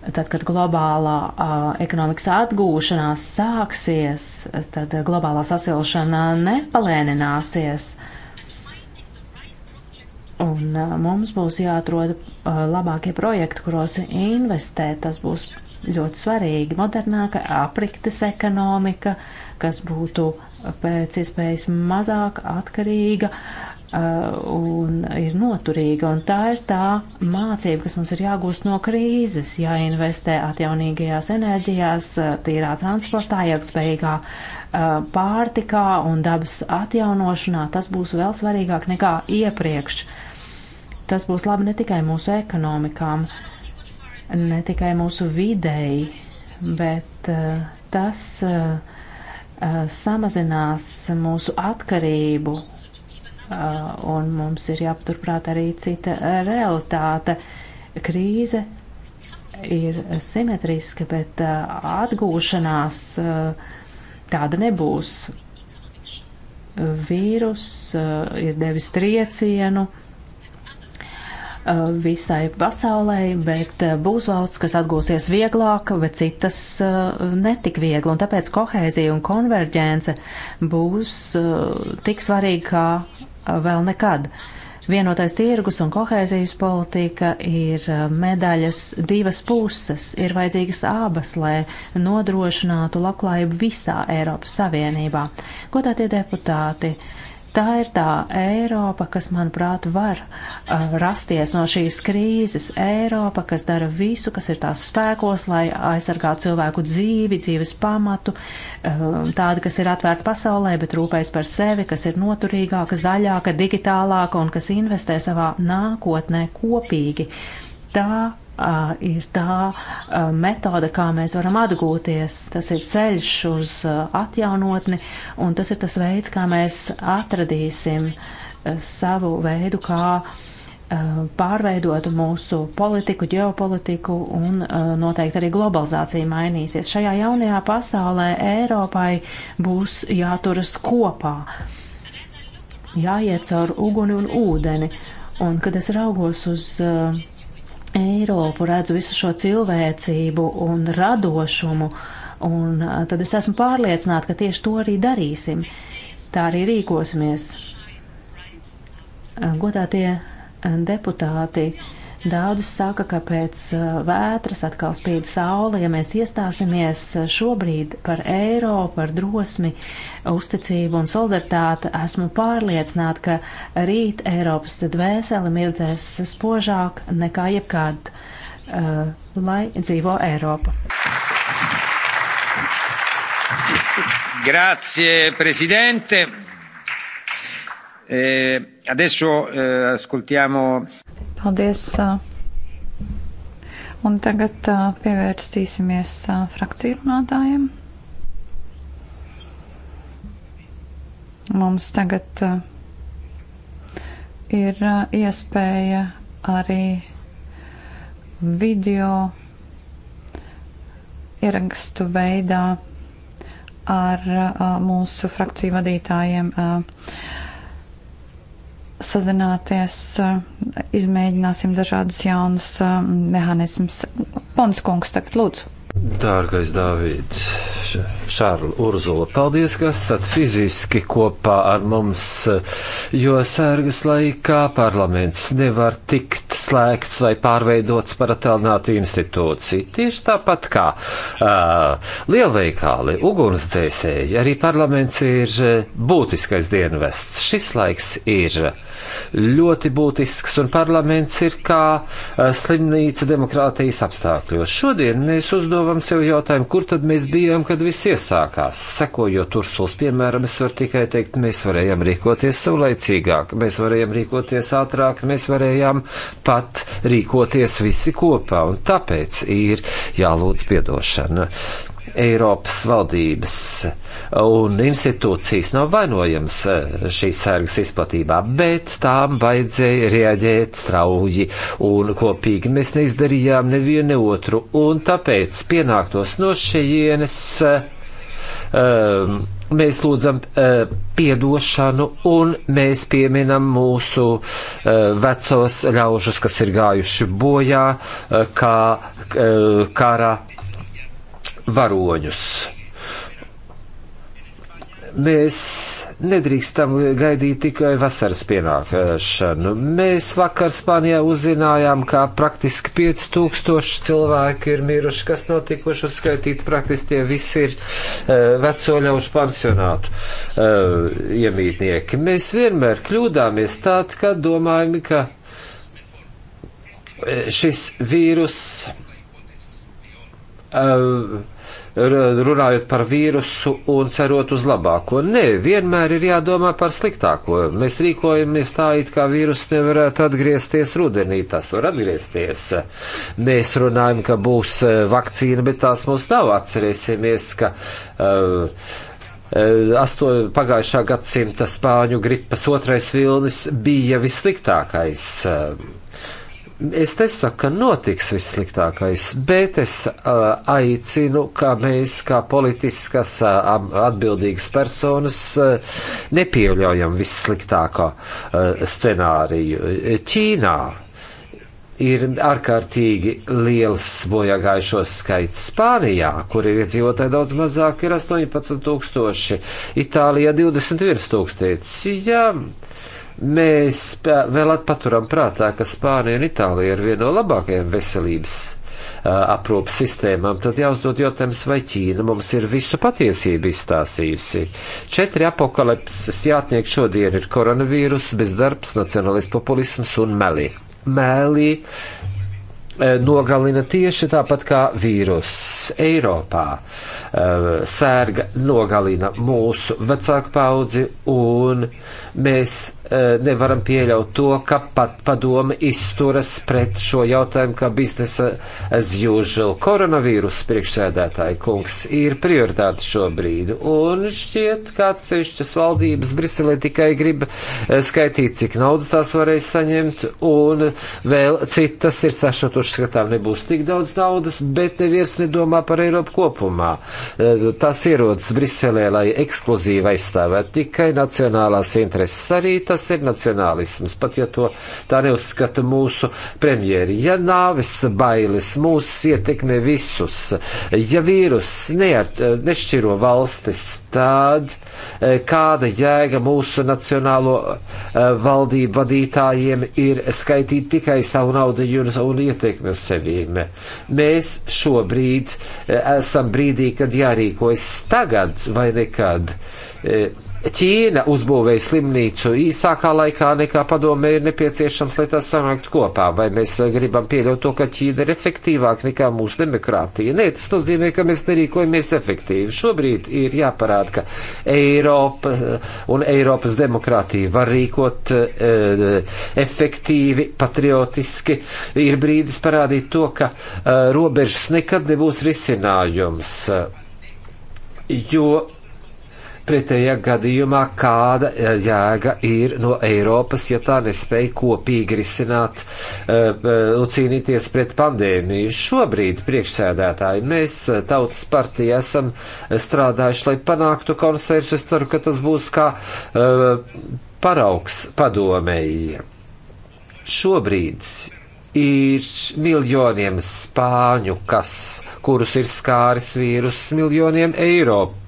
Tad, kad globālā uh, ekonomikas atgūšanās sāksies, tad globālā sasilšana nepalēnināsies. Uh, Un uh, mums būs jāatrod uh, labākie projekti, kuros investēt. Tas būs ļoti svarīgi. Modernāka apriktes ekonomika, kas būtu pēc iespējas mazāk atkarīga uh, un ir noturīga. Un tā ir tā mācība, kas mums ir jāgūst no krīzes, jāinvestē atjaunīgajās enerģijās, tīrā transportā, ilgspējīgā pārtikā un dabas atjaunošanā. Tas būs vēl svarīgāk nekā iepriekš Tas būs labi ne tikai mūsu ekonomikām, ne tikai mūsu videi, bet uh, tas uh, samazinās mūsu atkarību un mums ir jāpaturprāt arī cita realitāte. Krīze ir simetriska, bet atgūšanās tāda nebūs. Vīrus ir devis triecienu Eh, visai pasaulē, bet eh, būs valsts, kas atgūsies vieglāk, bet citas eh, netik viegli. Un tāpēc kohēzija un konverģence būs tik svarīga kā vēl nekad. Vienotais tirgus un kohēzijas politika ir medaļas divas puses, ir vajadzīgas abas, lai nodrošinātu labklājību visā Eiropas Savienībā. Godātie deputāti! Uh, Tā ir tā Eiropa, kas, manuprāt, var uh, rasties no šīs krīzes. Eiropa, kas dara visu, kas ir tās spēkos, lai aizsargātu cilvēku dzīvi, dzīves pamatu, uh, tāda, kas ir atvērta pasaulē, bet rūpējas par sevi, kas ir noturīgāka, zaļāka, digitālāka un kas investē savā nākotnē kopīgi. Tā Uh, ir tā uh, metode, kā mēs varam atgūties. Tas ir ceļš uz uh, atjaunotni, un tas ir tas veids, kā mēs atradīsim savu veidu, kā pārveidot mūsu politiku, ģeopolitiku un noteikti arī globalizācija mainīsies. Šajā jaunajā pasaulē Eiropai būs jāturas kopā, jāiet caur uguni un ūdeni. Un, kad es raugos uz uh, Eiropu, redzu visu šo cilvēcību un radošumu, un tad es esmu pārliecināta, ka tieši to arī darīsim. Tā arī rīkosimies. Godātie deputāti, Daudz saka, ka pēc uh, vētras atkal spīd saule, ja mēs iestāsimies uh, šobrīd par eiro, par drosmi, uzticību un solidaritāti. Esmu pārliecināta, ka rīt Eiropas dvēseli mirdzēs spožāk nekā jebkad, uh, lai dzīvo Eiropa. Grazie, Presidente. Eh, adesso eh, ascoltiamo. Paldies! Un tagad pievērsīsimies frakciju runātājiem. Mums tagad ir iespēja arī video ierakstu veidā ar mūsu frakciju vadītājiem sazināties, eh, izmēģināsim dažādus jaunus eh, mehānismus. Pons kungs, tagad lūdzu. Dārgais Dārvids, Šārl, Urzula, paldies, ka esat fiziski kopā ar mums, jo sērgas laikā parlaments nevar tikt slēgts vai pārveidots par atēlinātu institūciju. Tieši tāpat kā uh, lielveikāli, ugunsdzēsēji, arī parlaments ir būtiskais dienvests. Šis laiks ir ļoti būtisks un parlaments ir kā uh, slimnīca demokrātijas apstākļos. Šodien mēs uzdevām uzdevam sev jautājumu, kur tad mēs bijām, kad viss iesākās. Sekojot Ursulas piemēram, es varu tikai teikt, mēs varējām rīkoties savlaicīgāk, mēs varējām rīkoties ātrāk, mēs varējām pat rīkoties visi kopā, un tāpēc ir jālūdz piedošana. Eiropas valdības un institūcijas nav vainojams eh, šīs sērgas izplatībā, bet tām vajadzēja reaģēt strauji un kopīgi mēs neizdarījām nevienu ne otru, un tāpēc pienāktos no šejienes. Um, mēs lūdzam uh, piedošanu un mēs pieminam mūsu uh, vecos ļaužus, kas ir gājuši bojā, uh, kā uh, kara varoņus. Mēs nedrīkstam gaidīt tikai vasaras pienākšanu. Mēs vakar Spānijā uzzinājām, ka praktiski 5000 cilvēki ir miruši, kas nav tikuši uzskaitīti. Praktiski tie visi ir uh, veco ļaužu pansionātu uh, eh, iemītnieki. Mēs vienmēr kļūdāmies tādā, ka domājam, ka eh, šis vīrus. Uh, runājot par vīrusu un cerot uz labāko. Nē, vienmēr ir jādomā par sliktāko. Mēs rīkojamies tā, it kā vīrus nevarētu atgriezties rudenī, tas var atgriezties. Mēs runājam, ka būs e, vakcīna, bet tās mums nav. Atcerēsimies, ka. Uh, asto, pagājušā gadsimta spāņu gripas otrais vilnis bija vissliktākais. Es nesaku, ka notiks vissliktākais, bet es uh, aicinu, ka mēs, kā politiskas uh, atbildīgas personas, uh, nepieļaujam vissliktāko uh, scenāriju. Ķīnā ir ārkārtīgi liels bojāgājušo skaits Spānijā, kur ir iedzīvotāji daudz mazāk, ir 18 tūkstoši, Itālijā 21 tūkstoši. Ja Mēs vēl atpaturam prātā, ka Spānija un Itālija ir viena no labākajām veselības uh, aprūpas sistēmām, tad jāuzdod jautājums, vai Ķīna mums ir visu patiesību izstāstījusi. Četri apakalipses jātniek šodien ir koronavīrus, bezdarbs, nacionālisms, populisms un meli. Meli nogalina tieši tāpat kā vīruss Eiropā. Sērga nogalina mūsu vecāku paudzi, un mēs Eh, nevaram pieļaut to, ka pat padome izturas pret šo jautājumu, kā biznesa as usual. Koronavīrus priekšsēdētāji kungs ir prioritāte šobrīd, un šķiet, ka atsevišķas valdības Briselē tikai grib eh, skaitīt, cik naudas tās varēs saņemt, un vēl citas ir sašutušas, ka tām nebūs tik daudz naudas, bet neviens nedomā par Eiropu kopumā. Eh, tas ierodas Briselē, lai ekskluzīvi aizstāvētu tikai nacionālās intereses arī. Tas tas ir nacionālisms, pat ja to tā neuzskata mūsu premjeri. Ja nāves bailes mūs ietekmē visus, ja vīrus neat, nešķiro valstis, tad e, kāda jēga mūsu nacionālo e, valdību vadītājiem ir skaitīt tikai savu naudu un ietekmi uz sevīm? Mēs šobrīd e, esam brīdī, kad jārīkojas tagad vai nekad. Ķīna uzbūvēja slimnīcu īsākā laikā nekā padomē ir nepieciešams, lai tās sanāktu kopā. Vai mēs gribam pieļaut to, ka Ķīna ir efektīvāka nekā mūsu demokrātija? Nē, tas nozīmē, ka mēs nerīkojamies efektīvi. Šobrīd ir jāparāda, ka Eiropa un Eiropas demokrātija var rīkot e, efektīvi, patriotiski. Ir brīdis parādīt to, ka e, robežas nekad nebūs risinājums. Jo Pretējā gadījumā kāda eh, jēga ir no Eiropas, ja tā nespēja kopīgi risināt eh, eh, un uh, cīnīties pret pandēmiju? Šobrīd, priekšsēdētāji, mēs tautas partija esam strādājuši, lai panāktu konservus. Es ceru, ka tas būs kā uh, paraugs padomēji. Šobrīd ir miljoniem spāņu, kas, kurus ir skāris vīrus, miljoniem Eiropu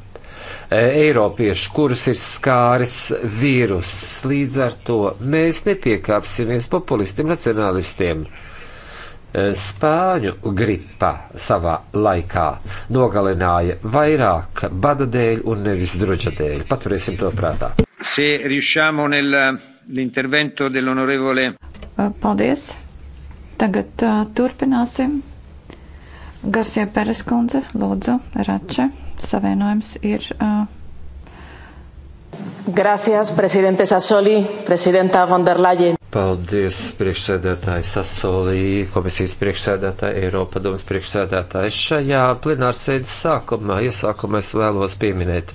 E, eiropiešu, kurus ir skāris vīrus. Līdz ar to mēs nepiekāpsimies populistiem, nacionalistiem. E, Spāņu gripa savā laikā nogalināja vairāk bada dēļ un nevis druģa dēļ. Paturēsim to prātā. Nel, Paldies! Tagad uh, turpināsim. Garsie Pereskundze, lūdzu, Rače. Mm savienojums ir. Gracias, prezidente Sasoli, prezidenta von der Leyen. Paldies, priekšsēdētāji Sasolī, komisijas priekšsēdētāji, Eiropa domas priekšsēdētāji. Šajā plenārsēdes sākumā, iesākumā es vēlos pieminēt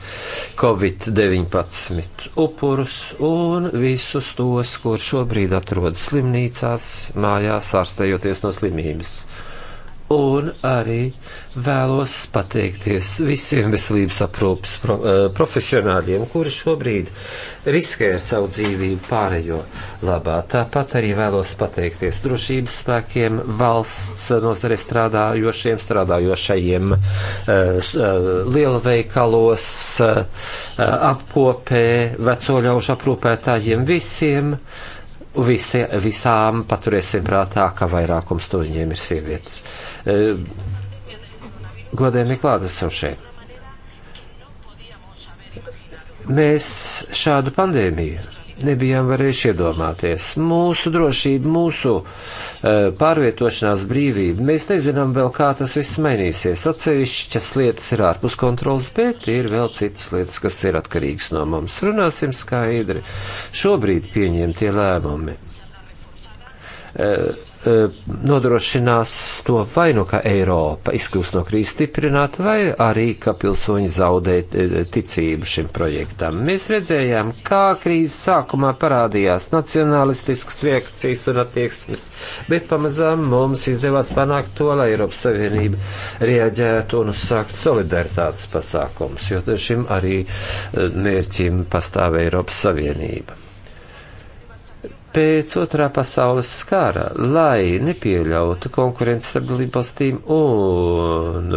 Covid-19 upurus un visus tos, kur šobrīd atrodas slimnīcās, mājās ārstējoties no slimības. Un arī vēlos pateikties visiem veselības aprūpas pro, eh, profesionāļiem, kuri šobrīd riskē ar savu dzīvību pārējo labā. Tāpat arī vēlos pateikties drošības spēkiem, valsts nozare strādājošiem, strādājošajiem eh, eh, lielveikalos, apkopē, veco ļaužu aprūpētājiem visiem. Uh, Visi, visām paturēsim prātā, ka vairākums to viņiem ir sievietes. E, Godējumi klātesošie. Mēs šādu pandēmiju nebijām varējuši iedomāties. Mūsu drošība, mūsu uh, pārvietošanās brīvība, mēs nezinām vēl, kā tas viss mainīsies. Atsevišķas lietas ir ārpus kontrolas, bet ir vēl citas lietas, kas ir atkarīgas no mums. Runāsim skaidri. Šobrīd pieņemtie lēmumi. Uh, Eh, nodrošinās to vai nu, ka Eiropa izkļūs no krīzes stiprināt, vai arī, ka pilsoņi zaudē eh, ticību šim projektam. Mēs redzējām, kā krīzes sākumā parādījās nacionalistiskas reakcijas un attieksmes, bet pamazām mums izdevās panākt to, lai Eiropas Savienība reaģētu un uzsākt solidaritātes pasākumus, jo šim arī eh, mērķim pastāv Eiropas Savienība pēc otrā pasaules skara, lai nepieļautu konkurences ar dalībvalstīm un.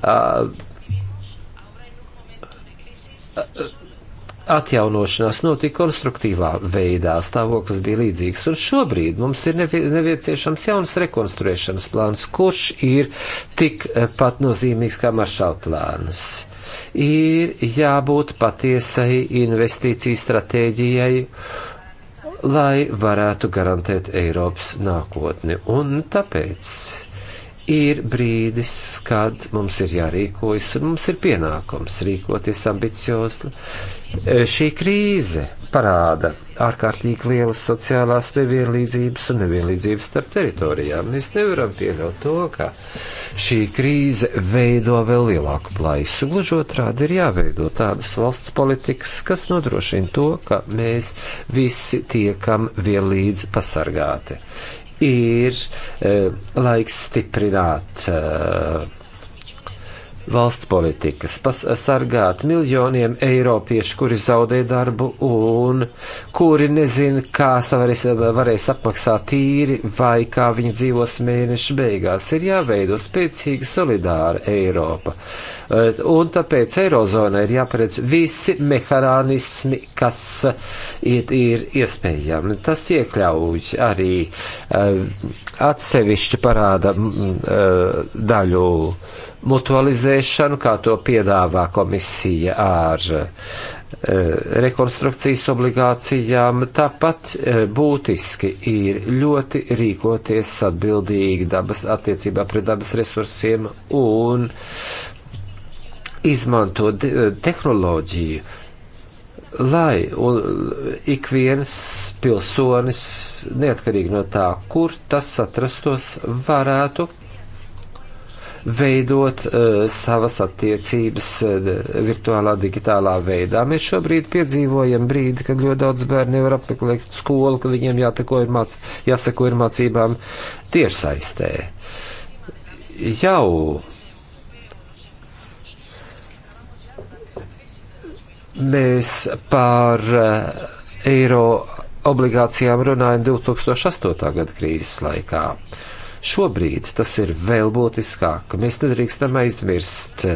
A, a, Atjaunošanās notika konstruktīvā veidā, stāvoklis bija līdzīgs, un šobrīd mums ir nepieciešams jauns rekonstruēšanas plāns, kurš ir tikpat e, nozīmīgs kā maršāla plāns ir jābūt patiesai investīciju stratēģijai lai varētu garantēt Eiropas nākotni. Un tāpēc ir brīdis, kad mums ir jārīkojas un mums ir pienākums rīkoties ambiciozi, E, šī krīze parāda ārkārtīgi lielas sociālās nevienlīdzības un nevienlīdzības starp teritorijām. Mēs nevaram pieļaut to, ka šī krīze veido vēl lielāku plaisu. Gluži otrādi ir jāveido tādas valsts politikas, kas nodrošina to, ka mēs visi tiekam vienlīdz pasargāti. Ir e, laiks stiprināt. E, valsts politikas, pasargāt miljoniem eiropiešu, kuri zaudē darbu un kuri nezin, kā varēs, varēs apmaksāt tīri vai kā viņi dzīvos mēneša beigās. Ir jāveido spēcīga solidāra Eiropa. Eh, un tāpēc Eirozonai ir jāparedz visi mehānismi, kas eh, ir, ir iespējami. Tas iekļauj arī eh, atsevišķu parāda mm, daļu mutualizēšanu, kā to piedāvā komisija ar eh, rekonstrukcijas obligācijām. Tāpat eh, būtiski ir ļoti rīkoties atbildīgi dabas attiecībā pret dabas resursiem un izmantot eh, tehnoloģiju, lai ik viens pilsonis, neatkarīgi no tā, kur tas atrastos, varētu veidot uh, savas attiecības uh, virtuālā, digitālā veidā. Mēs šobrīd piedzīvojam brīdi, kad ļoti daudz bērnu nevar apmeklēt skolu, ka viņiem ir māc, jāseko ir mācībām tiešsaistē. Jau mēs par uh, eiro obligācijām runājam 2008. gada krīzes laikā. Uh, Šobrīd tas ir vēl būtiskāk. Mēs nedrīkstam aizmirst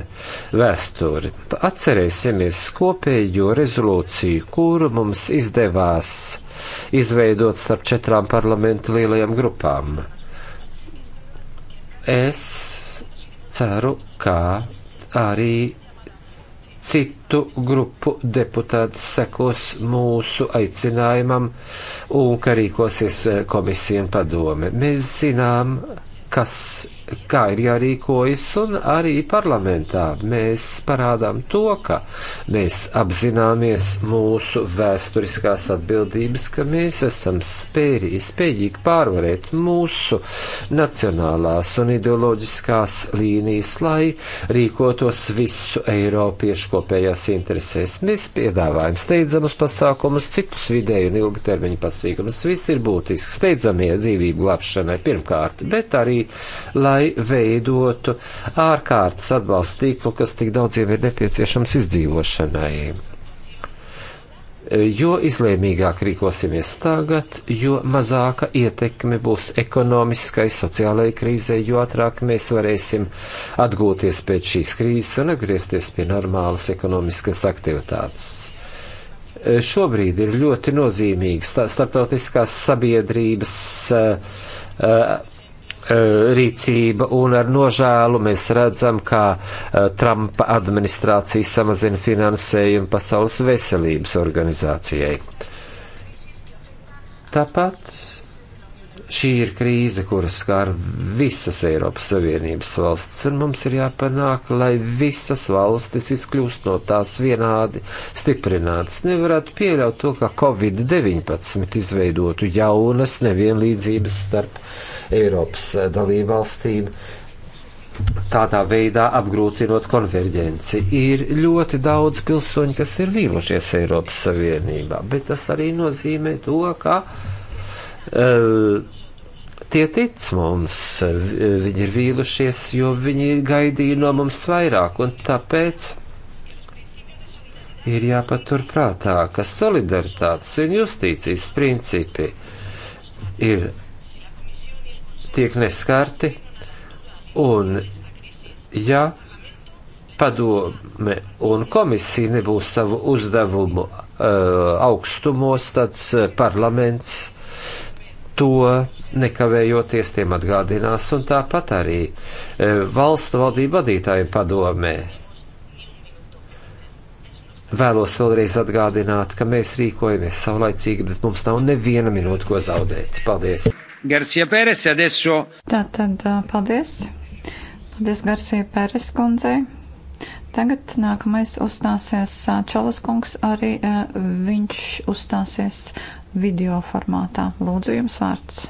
vēsturi. Atcerēsimies kopējo rezolūciju, kuru mums izdevās izveidot starp četrām parlamentu lielajām grupām. Es ceru, ka arī citu grupu deputāti sekos mūsu aicinājumam un ka rīkosies eh, komisija un padome. Mēs zinām, kas, kā ir jārīkojas, un arī parlamentā mēs parādām to, ka mēs apzināmies mūsu vēsturiskās atbildības, ka mēs esam spēri, spējīgi pārvarēt mūsu nacionālās un ideoloģiskās līnijas, lai rīkotos visu Eiropiešu kopējās interesēs. Mēs piedāvājam steidzamus pasākumus, citus vidēju un ilgtermiņu pasīkumus. Viss ir būtisks steidzamie dzīvību glābšanai pirmkārt, bet arī lai veidotu ārkārtas atbalsta tīklu, kas tik daudziem ir nepieciešams izdzīvošanai. Jo izlēmīgāk rīkosimies tagad, jo mazāka ietekme būs ekonomiskai, sociālai krīzē, jo ātrāk mēs varēsim atgūties pēc šīs krīzes un atgriezties pie normālas ekonomiskas aktivitātes. Šobrīd ir ļoti nozīmīgs starptautiskās sabiedrības uh, uh, Eh, rīcība, un ar nožēlu mēs redzam, kā eh, Trumpa administrācija samazina finansējumu Pasaules veselības organizācijai. Tāpat Šī ir krīze, kuras skar visas Eiropas Savienības valstis, un mums ir jāpanāk, lai visas valstis izkļūst no tās vienādi stiprinātas. Nevarētu pieļaut to, ka Covid-19 izveidotu jaunas nevienlīdzības starp Eiropas dalībvalstīm. Tādā veidā apgrūtinot konverģenci. Ir ļoti daudz pilsoņu, kas ir vīlušies Eiropas Savienībā, bet tas arī nozīmē to, ka uh, Tie tic mums, viņi ir vīlušies, jo viņi gaidīja no mums vairāk, un tāpēc ir jāpatur prātā, ka solidaritātes un justīcijas principi ir tiek neskarti, un ja padome un komisija nebūs savu uzdevumu uh, augstumos, tad parlaments to nekavējoties tiem atgādinās, un tāpat arī e, valstu valdību vadītāju padomē. Vēlos vēlreiz atgādināt, ka mēs rīkojamies saulaicīgi, bet mums nav neviena minūte, ko zaudēt. Paldies! Garcija Pēres, e adesso! Tā tad paldies! Paldies Garcija Pēres kundzei! Tagad nākamais uzstāsies Čalas kungs, arī viņš uzstāsies video formātā. Lūdzu, jums vārds!